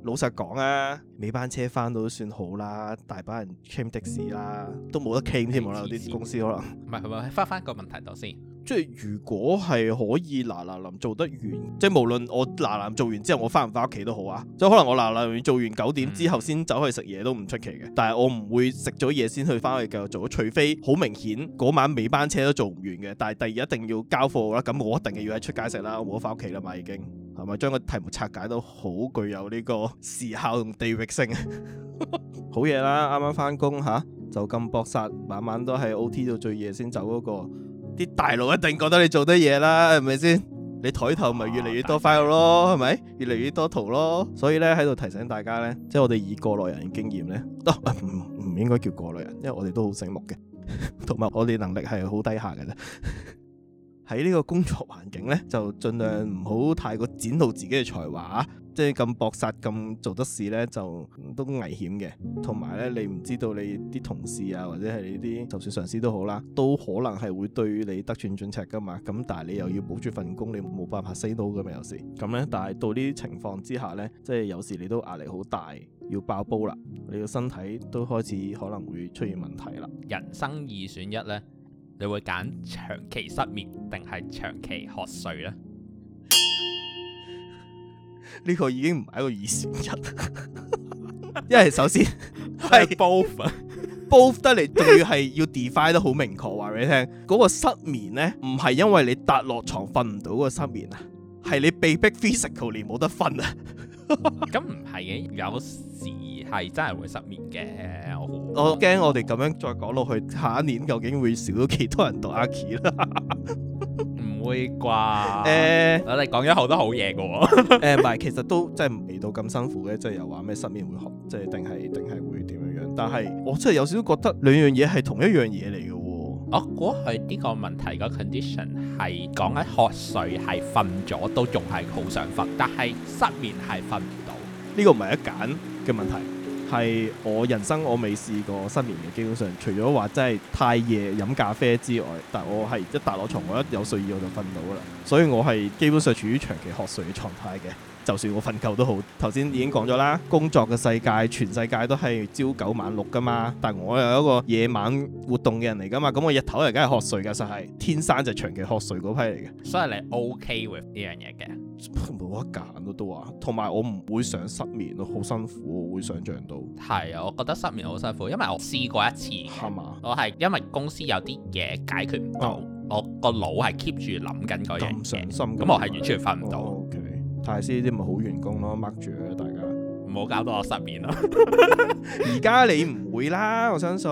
老實講啊，尾班車翻到都算好啦，大班人 cable 的士啦，嗯、都冇得 cable 添啦，啲公司可能唔係，係咪翻翻個問題度先。即係如果係可以嗱嗱臨做得完，即係無論我嗱嗱臨做完之後我翻唔翻屋企都好啊，即係可能我嗱嗱臨做完九點之後先走去食嘢都唔出奇嘅，但係我唔會食咗嘢先去翻屋企繼續做，除非好明顯嗰晚尾班車都做唔完嘅，但係第二日一定要交貨啦，咁我一定嘅要喺出街食啦，我冇得翻屋企啦嘛，已經係咪？將個題目拆解到好具有呢個時效同地域性， <laughs> 好嘢啦！啱啱翻工吓就咁搏殺，晚晚都喺 O T 到最夜先走嗰、嗰個。啲大佬一定覺得你做得嘢啦，係咪先？你枱頭咪越嚟越多 file 咯，係咪？啊？越嚟越多圖咯。所以咧喺度提醒大家咧，即係我哋以過來人嘅經驗咧，唔、啊、唔應該叫過來人，因為我哋都好醒目嘅，同 <laughs> 埋我哋能力係好低下嘅咧。喺 <laughs> 呢個工作環境咧，就盡量唔好太過展露自己嘅才華。即係咁搏殺咁做得事呢，就、嗯、都危險嘅。同埋呢，你唔知道你啲同事啊，或者係你啲就算上司都好啦，都可能係會對你得寸進尺噶嘛。咁但係你又要保住份工，你冇辦法 say no 嘅嘛，有時。咁呢，但係到呢啲情況之下呢，即係有時你都壓力好大，要爆煲啦，你個身體都開始可能會出現問題啦。人生二選一呢，你會揀長期失眠定係長期瞌睡呢？呢個已經唔係一個二選一， <laughs> 因為首先係 both，both 得嚟，仲要係要 define 得好明確，話俾你聽，嗰、嗰個失眠咧唔係因為你搭落床瞓唔到嗰個失眠啊，係你被逼 physically 冇得瞓啊。咁唔係嘅，有時係真係會失眠嘅。我我驚我哋咁樣再講落去，下一年究竟會少咗幾多人讀阿奇啦。會啩？誒、 <laughs> 嗯，我哋講咗好多好嘢嘅喎。誒，唔係，其實都即係未到咁辛苦嘅，即係又話咩失眠會即係定係定係會點樣樣？但係我真係有少少覺得兩樣嘢係同一樣嘢嚟嘅。我估係呢個問題個 condition 係講緊瞌睡係瞓咗都仲係好想瞓，但係失眠係瞓唔到。呢個唔係一揀嘅問題。係我人生我未試過失眠嘅，基本上除咗話真係太夜飲咖啡之外，但我係一踏落床，我一有睡意我就瞓到啦，所以我係基本上處於長期渴睡嘅狀態嘅。就算我瞓覺都好，頭先已經講咗啦。工作嘅世界，全世界都係朝九晚六㗎嘛。但係我又一個夜晚活動嘅人嚟㗎嘛。咁我日頭又梗係瞌睡㗎，實係天生就長期瞌睡嗰批嚟嘅。所以你 OK with 呢樣嘢嘅？冇得揀都話。同埋我唔會想失眠咯，好辛苦，會想像到。係啊，我覺得失眠好辛苦，因為我試過一次。係嘛嗎？我係因為公司有啲嘢解決唔到，哦、我個腦係 keep 住諗緊嗰樣嘅，心。辛咁我係完全瞓唔到。哦哦太師啲咪好員工咯，握住大家，唔好搞到我失眠咯。而家你唔會啦，我相信。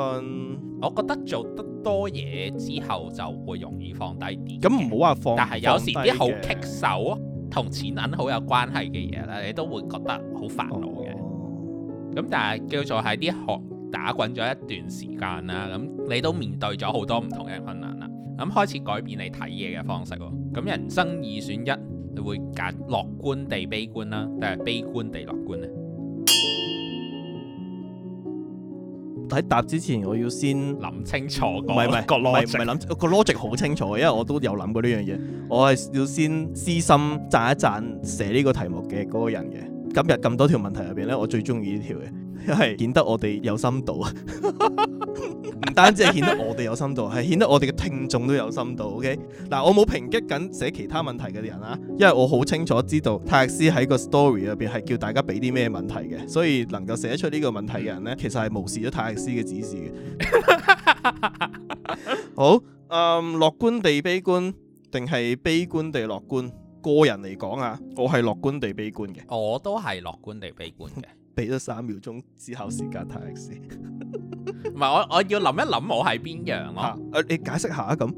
我覺得做得多嘢之後就會容易放低啲。咁唔好話放，但係有時啲好棘手同錢銀好有關係嘅嘢咧，你都會覺得好煩惱嘅。咁、哦、但係叫做喺啲學打滾咗一段時間啦，咁你都面對咗好多唔同嘅困難啦，咁開始改變你睇嘢嘅方式喎。咁人生二選一。你會揀樂觀地悲觀啦，定係悲觀地樂觀呢？喺答之前，我要先諗清楚，唔係唔係唔係諗個 logic 好清楚，因為我都有諗過呢樣嘢。我係要先私心讚一讚寫呢個題目嘅嗰個人嘅。今日咁多條問題入邊咧，我最中意呢條嘅，因係顯得我哋有深度啊！唔 <laughs> <laughs> <laughs> 單止係顯得我哋有深度，係顯得我哋。聽眾都有深度，OK？嗱，我冇抨擊緊寫其他問題嘅人啊，因為我好清楚知道泰克斯喺個 story 入邊係叫大家俾啲咩問題嘅，所以能夠寫出呢個問題嘅人呢，其實係無視咗泰克斯嘅指示嘅。 <laughs> 好，嗯，樂觀地悲觀定係悲觀地樂觀？個人嚟講啊，我係樂觀地悲觀嘅。我都係樂觀地悲觀嘅。俾咗三秒鐘思考時間，泰克斯。 <laughs> 唔係我我要諗一諗我係邊樣啊咯、啊，你解釋下咁，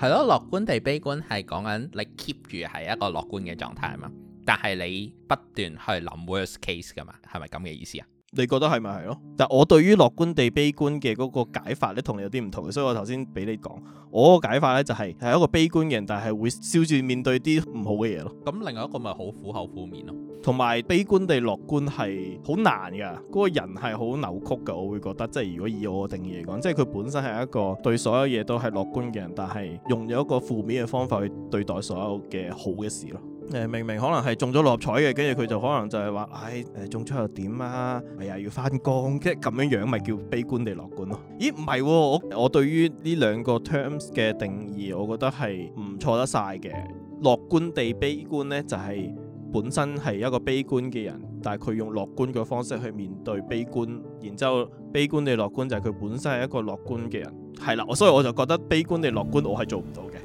係咯樂觀地悲觀係講緊你 keep 住係一個樂觀嘅狀態啊嘛，但係你不斷去諗 worst case 噶嘛，係咪咁嘅意思啊？你覺得係咪係咯？但我對於樂觀地悲觀嘅嗰個解法咧，同你有啲唔同嘅，所以我頭先俾你講，我個解法咧就係、係、係一個悲觀嘅人，但係會笑住面對啲唔好嘅嘢咯。咁另外一個咪好苦口苦面咯。同埋悲觀地樂觀係好難㗎，嗰、嗰個人係好扭曲㗎。我會覺得即係如果以我嘅定義嚟講，即係佢本身係一個對所有嘢都係樂觀嘅人，但係用咗一個負面嘅方法去對待所有嘅好嘅事咯。明明可能係中咗六合彩嘅，跟住佢就可能就係話，唉、哎，中咗又點啊？係、哎、啊，要翻工，即係咁樣樣，咪叫悲觀地樂觀咯？咦，唔係、哦，我我對於呢兩個 terms 嘅定義，我覺得係唔錯得晒嘅。樂觀地悲觀呢，就係、是、本身係一個悲觀嘅人，但係佢用樂觀嘅方式去面對悲觀，然之後悲觀地樂觀就係佢本身係一個樂觀嘅人，係啦，所以我就覺得悲觀地樂觀我，我係做唔到嘅，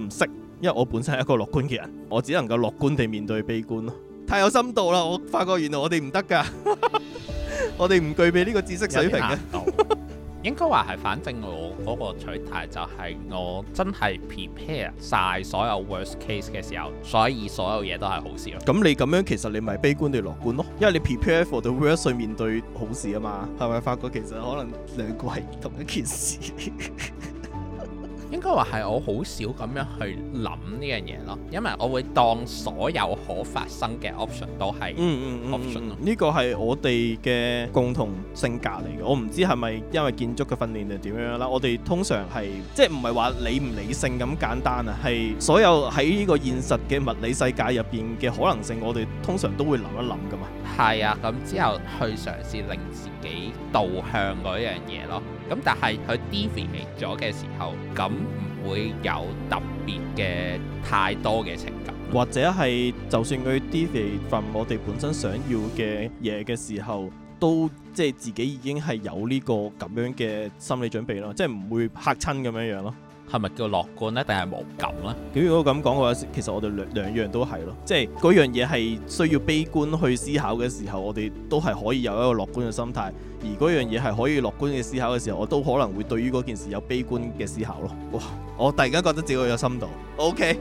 唔識。因為我本身係一個樂觀嘅人，我只能夠樂觀地面對悲觀咯。太有深度啦！我發覺原來我哋唔得㗎， <laughs> 我哋唔具備呢個知識水平嘅。有深度。 <laughs> 應該話係，反正我嗰個取態就係我真係 prepare 晒所有 worst case 嘅時候，所以所有嘢都係好事咯。咁你咁樣其實你咪悲觀地樂觀咯？因為你 prepare for the worst 去面對好事啊嘛，係咪發覺其實可能兩個係同一件事？ <laughs> 應該話係，我好少咁樣去諗呢樣嘢咯，因為我會當所有可發生嘅 option 都係嗯，嗯，option 咯。呢個係我哋嘅共同性格嚟嘅，我唔知係咪因為建築嘅訓練定點樣啦。我哋通常係即係唔係話理唔理性咁簡單啊，係所有喺呢個現實嘅物理世界入邊嘅可能性，我哋通常都會諗一諗㗎嘛。係啊，咁之後去嘗試令自己導向嗰樣嘢咯。咁但係佢 diving 咗嘅時候，咁唔會有特別嘅太多嘅情感，或者係就算佢 diving from 我哋本身想要嘅嘢嘅時候，都即係自己已經係有呢、呢個咁樣嘅心理準備咯，即係唔會嚇親咁樣樣咯。係咪叫樂觀呢？定係無感呢？如果咁講嘅話，其實我哋兩兩樣都係咯，即係嗰樣嘢係需要悲觀去思考嘅時候，我哋都係可以有一個樂觀嘅心態；而嗰樣嘢係可以樂觀嘅思考嘅時候，我都可能會對於嗰件事有悲觀嘅思考咯。哇！我突然間覺得自己有深度。OK。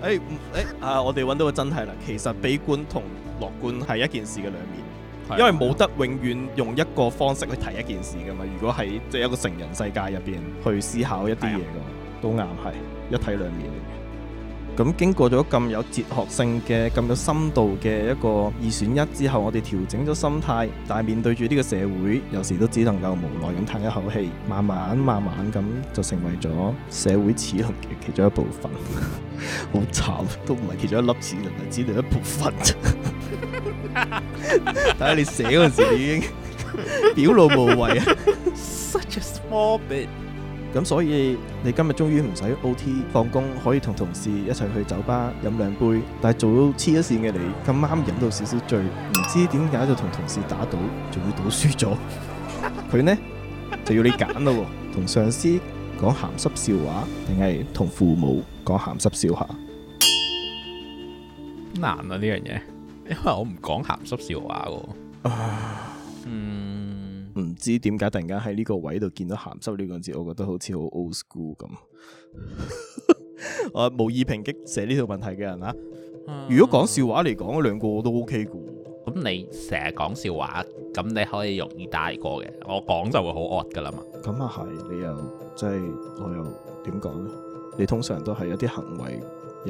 哎哎啊！我哋揾到個真諦啦！其實悲觀同樂觀係一件事嘅兩面。因為冇得永遠用一個方式去睇一件事嘅嘛，如果喺即係一個成人世界入邊去思考一啲嘢嘅，的都硬係一體兩面嚟嘅。咁經過咗咁有哲學性嘅、咁有深度嘅一個二選一之後，我哋調整咗心態，但係面對住呢個社會，有時都只能夠無奈咁嘆一口氣，慢慢慢慢咁就成為咗社會齒輪嘅其中一部分。 <laughs> 好慘，都唔係其中一粒齒輪，係齒輪一部分。 <laughs> 睇下你寫嗰陣時已經表露無遺啊！Such a small bit。咁所以你今日終於唔使 OT 放工，可以同同事一齊去酒吧飲兩杯。但係做到黐一線嘅你，咁啱飲到少少醉，唔知點解就同同事打賭，仲要賭輸咗。佢呢就要你揀咯，同上司講鹹濕笑話，定係同父母講鹹濕笑話？難啊呢樣嘢。因為我唔講鹹濕笑話嘅，唉嗯，唔知點解突然間喺呢個位度見到鹹濕呢個字，我覺得好似好 old school 咁。嗯、 <laughs> 我無意抨擊寫呢條問題嘅人啊，如果講笑話嚟講，兩、嗯、個我都 OK 嘅。咁你成日講笑話，咁你可以容易帶過嘅。我講就會好惡噶啦嘛。咁啊係，你又即係、就是、我又點講咧？你通常都係一啲行為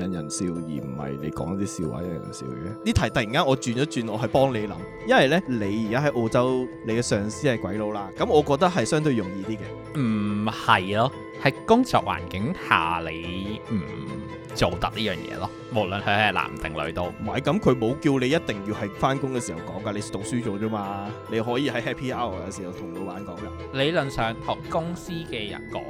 引人笑而唔係你講啲笑話引人笑嘅呢題突然間我轉一轉我係幫你諗，因為呢你而家喺澳洲，你嘅上司係鬼佬啦，咁我覺得係相對容易啲嘅。唔係咯，係工作環境下你唔做得呢樣嘢咯，無論佢係男定女都。唔係咁佢冇叫你一定要係翻工嘅時候講噶，你讀書做啫嘛，你可以喺 happy hour 嘅時候同老闆講噶。理論上同公司嘅人講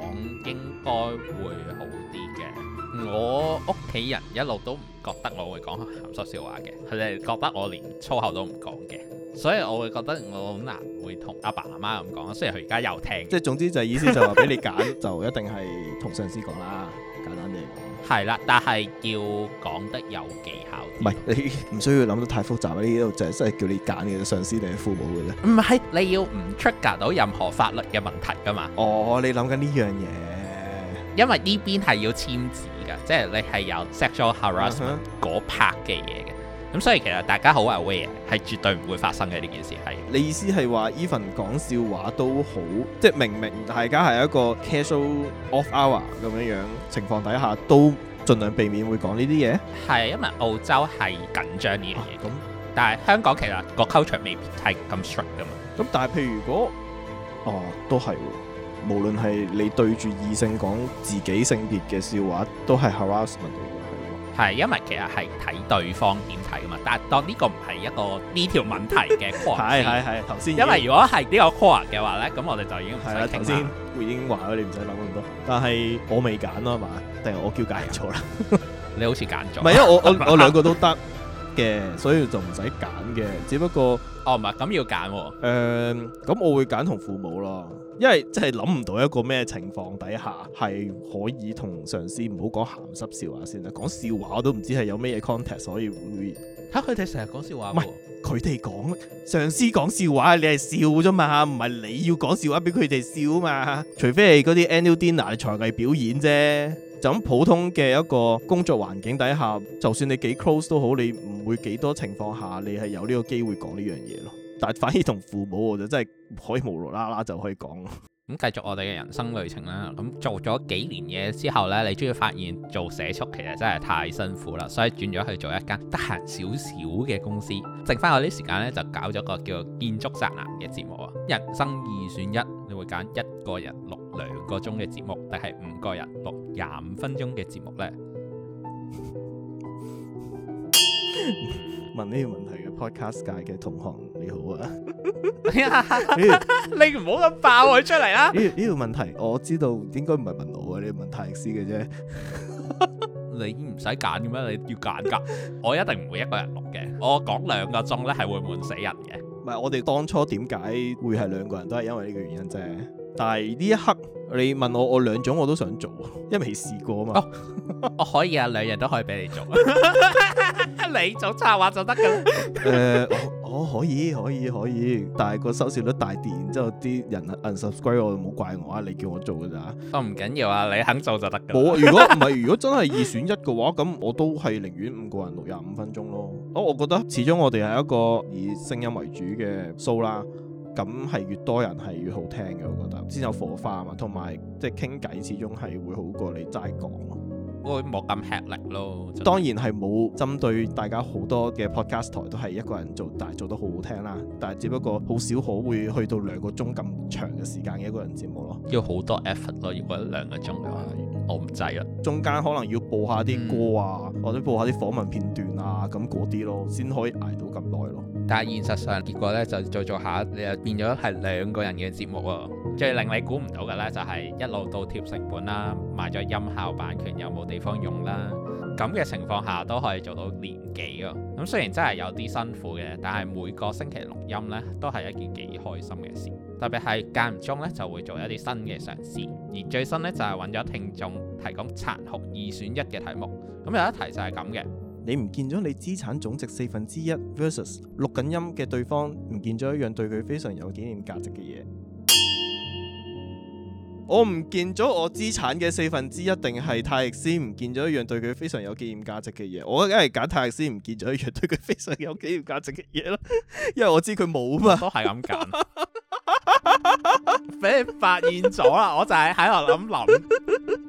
應該會好啲嘅。我屋企人一路都唔覺得我會講鹹濕笑話嘅，佢哋覺得我連粗口都唔講嘅，所以我會覺得我好難會同阿爸阿媽咁講。雖然佢而家又聽，即係總之就意思就話俾 <laughs> 你揀，就一定係同上司講啦，簡單啲講。係啦，但係要講得有技巧。唔係，你唔需要諗得太複雜。呢度就係真係叫你揀嘅，上司定係父母嘅啫。唔係，你要唔 trigger 到任何法律嘅問題噶嘛？哦，你諗緊呢樣嘢，因為呢邊係要簽字。即係你係有 sexual harassment 嗰 part 嘅嘢嘅，咁、huh. 所以其實大家好 aware 係絕對唔會發生嘅呢件事係。你意思係話呢份講笑話都好，即係明明大家係一個 casual off hour 咁樣樣情況底下，都盡量避免會講呢啲嘢？係因為澳洲係緊張呢樣嘢，咁但係香港其實個 culture 未必係咁 strict 噶嘛。咁但係譬如如果，哦、啊、都係。無論係你對住異性講自己性別嘅笑話，都係 harassment 嚟嘅係。因為其實係睇對方點睇噶嘛，但係當呢個唔係一個呢條問題嘅 core 係，係係頭先，因為如果係呢個 core 嘅話咧，咁我哋就已經唔使傾先。了已經話咗你唔使諗咁多，但係我未揀咯嘛，定係我叫解錯啦？ <laughs> 你好似揀咗，唔係因為我 <laughs> 我我兩個都得。嘅，所以就唔使揀嘅，只不過哦唔係咁要揀喎、哦，誒咁、呃、我會揀同父母咯，因為真係諗唔到一個咩情況底下係可以同上司唔好講鹹濕笑話先啦，講笑話我都唔知係有咩嘢 context，所以會吓，佢哋成日講笑話，唔係佢哋講上司講笑話，你係笑啫嘛，唔係你要講笑話俾佢哋笑啊嘛，除非係嗰啲 annual dinner 嘅才藝表演啫。就咁普通嘅一個工作環境底下，就算你幾 close 都好，你唔會幾多情況下你係有呢個機會講呢樣嘢咯。但係反而同父母我就真係可以無啦啦就可以講。咁繼續我哋嘅人生旅程啦。咁做咗幾年嘢之後咧，你終於發現做社畜其實真係太辛苦啦，所以轉咗去做一間得閒少少嘅公司。剩翻我啲時間咧，就搞咗個叫做《建築宅男》嘅節目啊。人生二選一，你會揀一個人錄兩個鐘嘅節目，定係五個人錄？廿五分鐘嘅節目咧，問呢個問題嘅 Podcast 界嘅同行你好啊，你唔好咁爆佢出嚟啦！呢呢個問題我知道應該唔係問我嘅，呢個問題師嘅啫，你唔使揀嘅咩？你要揀噶， <laughs> <laughs> 我一定唔會一個人錄嘅，我講兩個鐘咧係會悶死人嘅。我哋當初點解會係兩個人都係因為呢個原因啫，但係呢一刻你問我，我兩種我都想做，因為未試過啊嘛，oh, <laughs> 我可以啊，兩樣都可以俾你做， <laughs> 你做插畫就得㗎。 <laughs> uh, 我、哦、可以可以可以，但係個收視率大跌，然之後啲人 unsubscribe 我，唔好怪我啊，你叫我做噶咋？啊唔緊要啊，你肯做就得。冇如果唔係， <laughs> 如果真係二選一嘅話，咁我都係寧願五個人錄廿五分鐘咯。我、哦、我覺得始終我哋係一個以聲音為主嘅 show 啦，咁係越多人係越好聽嘅，我覺得。先有火花啊嘛，同埋即係傾偈，始終係會好過你齋講。會冇咁吃力咯。當然係冇針對大家好多嘅 podcast 台都係一個人做，但係做得好好聽啦。但係只不過好少可會去到兩個鐘咁長嘅時間嘅一個人節目咯。要好多 effort 咯，如果兩個鐘嘅話。嗯嗯我唔制啦，中間可能要播下啲歌啊，嗯、或者播下啲訪問片段啊，咁嗰啲咯，先可以捱到咁耐咯。但係現實上結果呢，就再做，一做一下，你又變咗係兩個人嘅節目喎。最令你估唔到嘅呢、就係，就係一路倒貼成本啦、啊，買咗音效版權又冇地方用啦、啊。咁嘅情況下都可以做到年幾咯。咁雖然真係有啲辛苦嘅，但係每個星期錄音呢都係一件幾開心嘅事。特別係間唔中呢就會做一啲新嘅嘗試，而最新呢就係揾咗聽眾提供殘酷二選一嘅題目。咁有一題就係咁嘅，你唔見咗你資產總值四分之一 versus 錄緊音嘅對方唔見咗一樣對佢非常有紀念價值嘅嘢。我唔見咗我資產嘅四分之一定係泰勒斯，唔見咗一樣對佢非常有紀念價值嘅嘢，我梗係揀泰勒斯，唔見咗一樣對佢非常有紀念價值嘅嘢咯。因為我知佢冇嘛，都係咁揀，俾 <laughs> <laughs> 你發現咗啦， <laughs> 我就係喺度諗諗，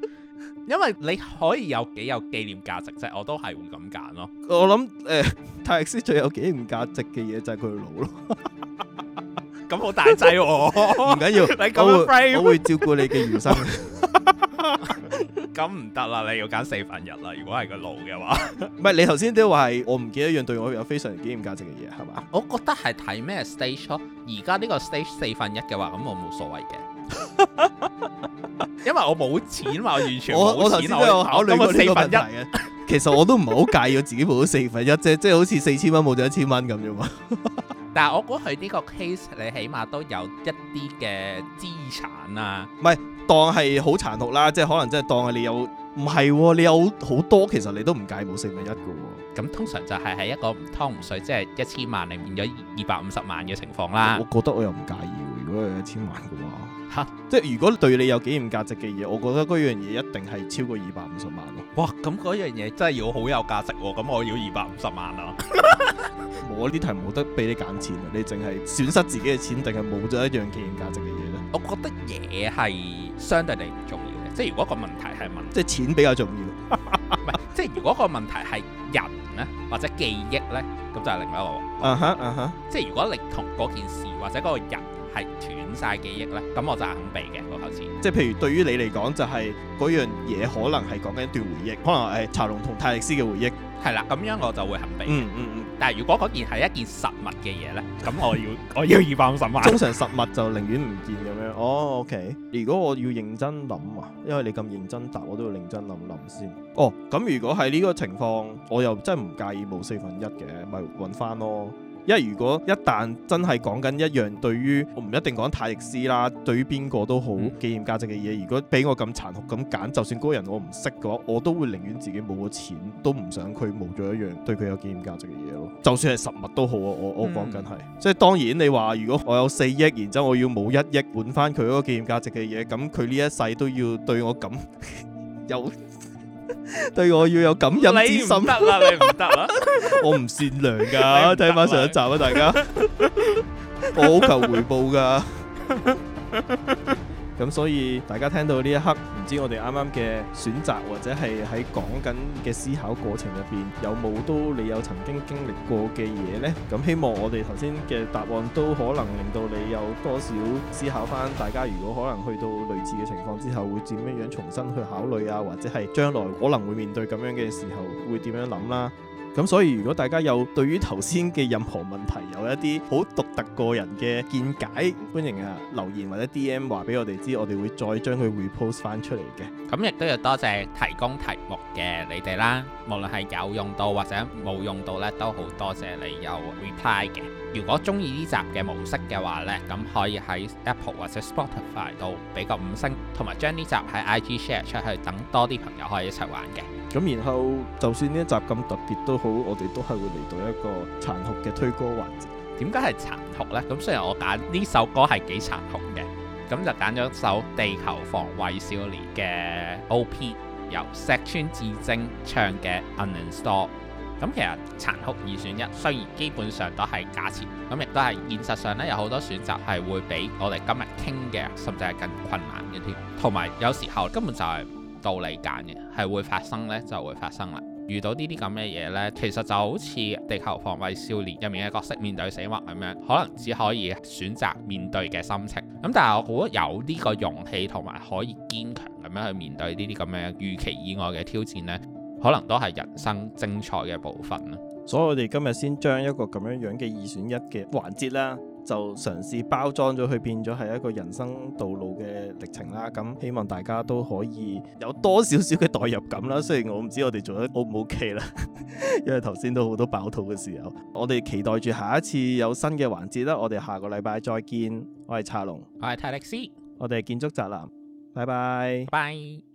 <laughs> 因為你可以有幾有紀念價值，即係我都係會咁揀咯。我諗誒，泰勒、呃、斯最有紀念價值嘅嘢就係佢老咯。 <laughs> 咁好大劑喎 <laughs> 係，唔緊要， <laughs> 我會照顧你嘅餘生。咁唔得啦，你要揀四分一啦。如果係個路嘅話，唔 <laughs> 係你頭先都話係，我唔記得一樣對我有非常經驗價值嘅嘢，係嘛？我覺得係睇咩 stage 咯。而家呢個 stage 四分一嘅話，咁我冇所謂嘅， <laughs> 因為我冇錢，錢，話完全冇錢，我有考慮過四分一嘅。 <laughs> <laughs> 其實我都唔係好介意我自己冇咗四分一啫，即係好似四千蚊冇咗一千蚊咁啫嘛。 <laughs> 但係我估佢呢個 case 你起碼都有一啲嘅資產啊。唔係當係好殘酷啦，即係可能即係當係你有，唔係、哦、你有好多其實你都唔介意冇四分一嘅喎。咁通常就係喺一個唔湯唔水，即係一千萬你變咗二百五十萬嘅情況啦。我覺得我又唔介意喎，如果係一千萬嘅話。即係如果對你有紀念價值嘅嘢，我覺得嗰樣嘢一定係超過二百五十萬咯。哇，咁嗰樣嘢真係要好有價值，啊，咁我要二百五十萬啊！我呢啲題冇得俾你揀錢啊，你淨係損失自己嘅錢，定係冇咗一樣紀念價值嘅嘢咧？我覺得嘢係相對嚟唔重要嘅，即係如果個問題係問題，即係錢比較重要 <laughs> 即係如果個問題係人咧，或者記憶咧，咁就係另外一個。嗯哼、uh，huh, uh huh. 即係如果你同嗰件事或者嗰個人。係斷晒記憶咧，咁我就肯俾嘅嗰口錢。即、那、係、個、譬如對於你嚟講，就係、是、嗰樣嘢可能係講緊一段回憶，可能係查龍同泰力斯嘅回憶。係啦，咁樣我就會肯俾。嗯嗯嗯。但係如果嗰件係一件實物嘅嘢咧，咁我要 <laughs> 我要二百五十萬。通常實物就寧願唔見咁樣。哦，OK。如果我要認真諗啊，因為你咁認真答，我都要認真諗諗先。哦，咁如果係呢個情況，我又真係唔介意冇四分一嘅，咪揾翻咯。即係如果一旦真係講緊一樣對於我唔一定講泰迪斯啦，對於邊個都好紀念價值嘅嘢，如果俾我咁殘酷咁揀，就算嗰個人我唔識嘅話，我都會寧願自己冇咗錢，都唔想佢冇咗一樣對佢有紀念價值嘅嘢咯。就算係實物都好，我我我講緊係，即係、嗯、當然你話如果我有四億，然之後我要冇一億換翻佢嗰個紀念價值嘅嘢，咁佢呢一世都要對我咁 <laughs> 有。對我要有感恩之心，得啦，你唔得啦，我唔善良噶，睇翻上一集啊，大家， <laughs> 我好求回報噶。 <laughs> <laughs> 咁所以大家聽到呢一刻，唔知我哋啱啱嘅選擇或者係喺講緊嘅思考過程入邊有冇都你有曾經經歷過嘅嘢咧？咁希望我哋頭先嘅答案都可能令到你有多少思考翻，大家如果可能去到類似嘅情況之後會點樣樣重新去考慮啊？或者係將來可能會面對咁樣嘅時候，會點樣諗啦？咁所以如果大家有對於頭先嘅任何問題，有一啲好獨特個人嘅見解，歡迎啊留言或者 D.M. 話俾我哋知，我哋會再將佢 repost 翻出嚟嘅。咁亦都要多謝提供題目嘅你哋啦，無論係有用到或者冇用到呢，都好多謝你有 reply 嘅。如果中意呢集嘅模式嘅話呢，咁可以喺 Apple 或者 Spotify 度俾個五星，同埋將呢集喺 IG share 出去，等多啲朋友可以一齊玩嘅。咁然後，就算呢一集咁特別都好，我哋都係會嚟到一個殘酷嘅推歌環節。點解係殘酷呢？咁雖然我揀呢首歌係幾殘酷嘅，咁就揀咗一首《地球防衛少年》嘅 OP，由石川智晶唱嘅《Uninstall》。咁其實殘酷二選一，雖然基本上都係假設，咁亦都係現實上呢，有好多選擇係會比我哋今日傾嘅，甚至係更困難嘅添。同埋有時候根本就係、是。道理揀嘅係會發生呢，就會發生啦。遇到呢啲咁嘅嘢呢，其實就好似《地球防衛少年》入面嘅角色面對死亡咁樣，可能只可以選擇面對嘅心情。咁但係我覺得有呢個勇氣同埋可以堅強咁樣去面對呢啲咁樣預期以外嘅挑戰呢，可能都係人生精彩嘅部分啦。所以我哋今日先將一個咁樣樣嘅二選一嘅環節啦。就嘗試包裝咗佢，變咗係一個人生道路嘅歷程啦。咁希望大家都可以有多少少嘅代入感啦。雖然我唔知我哋做得 O 唔 OK 啦， <laughs> 因為頭先都好多爆肚嘅時候。我哋期待住下一次有新嘅環節啦。我哋下個禮拜再見。我係查龍，我係泰力斯，我哋係建築宅男，拜拜，拜。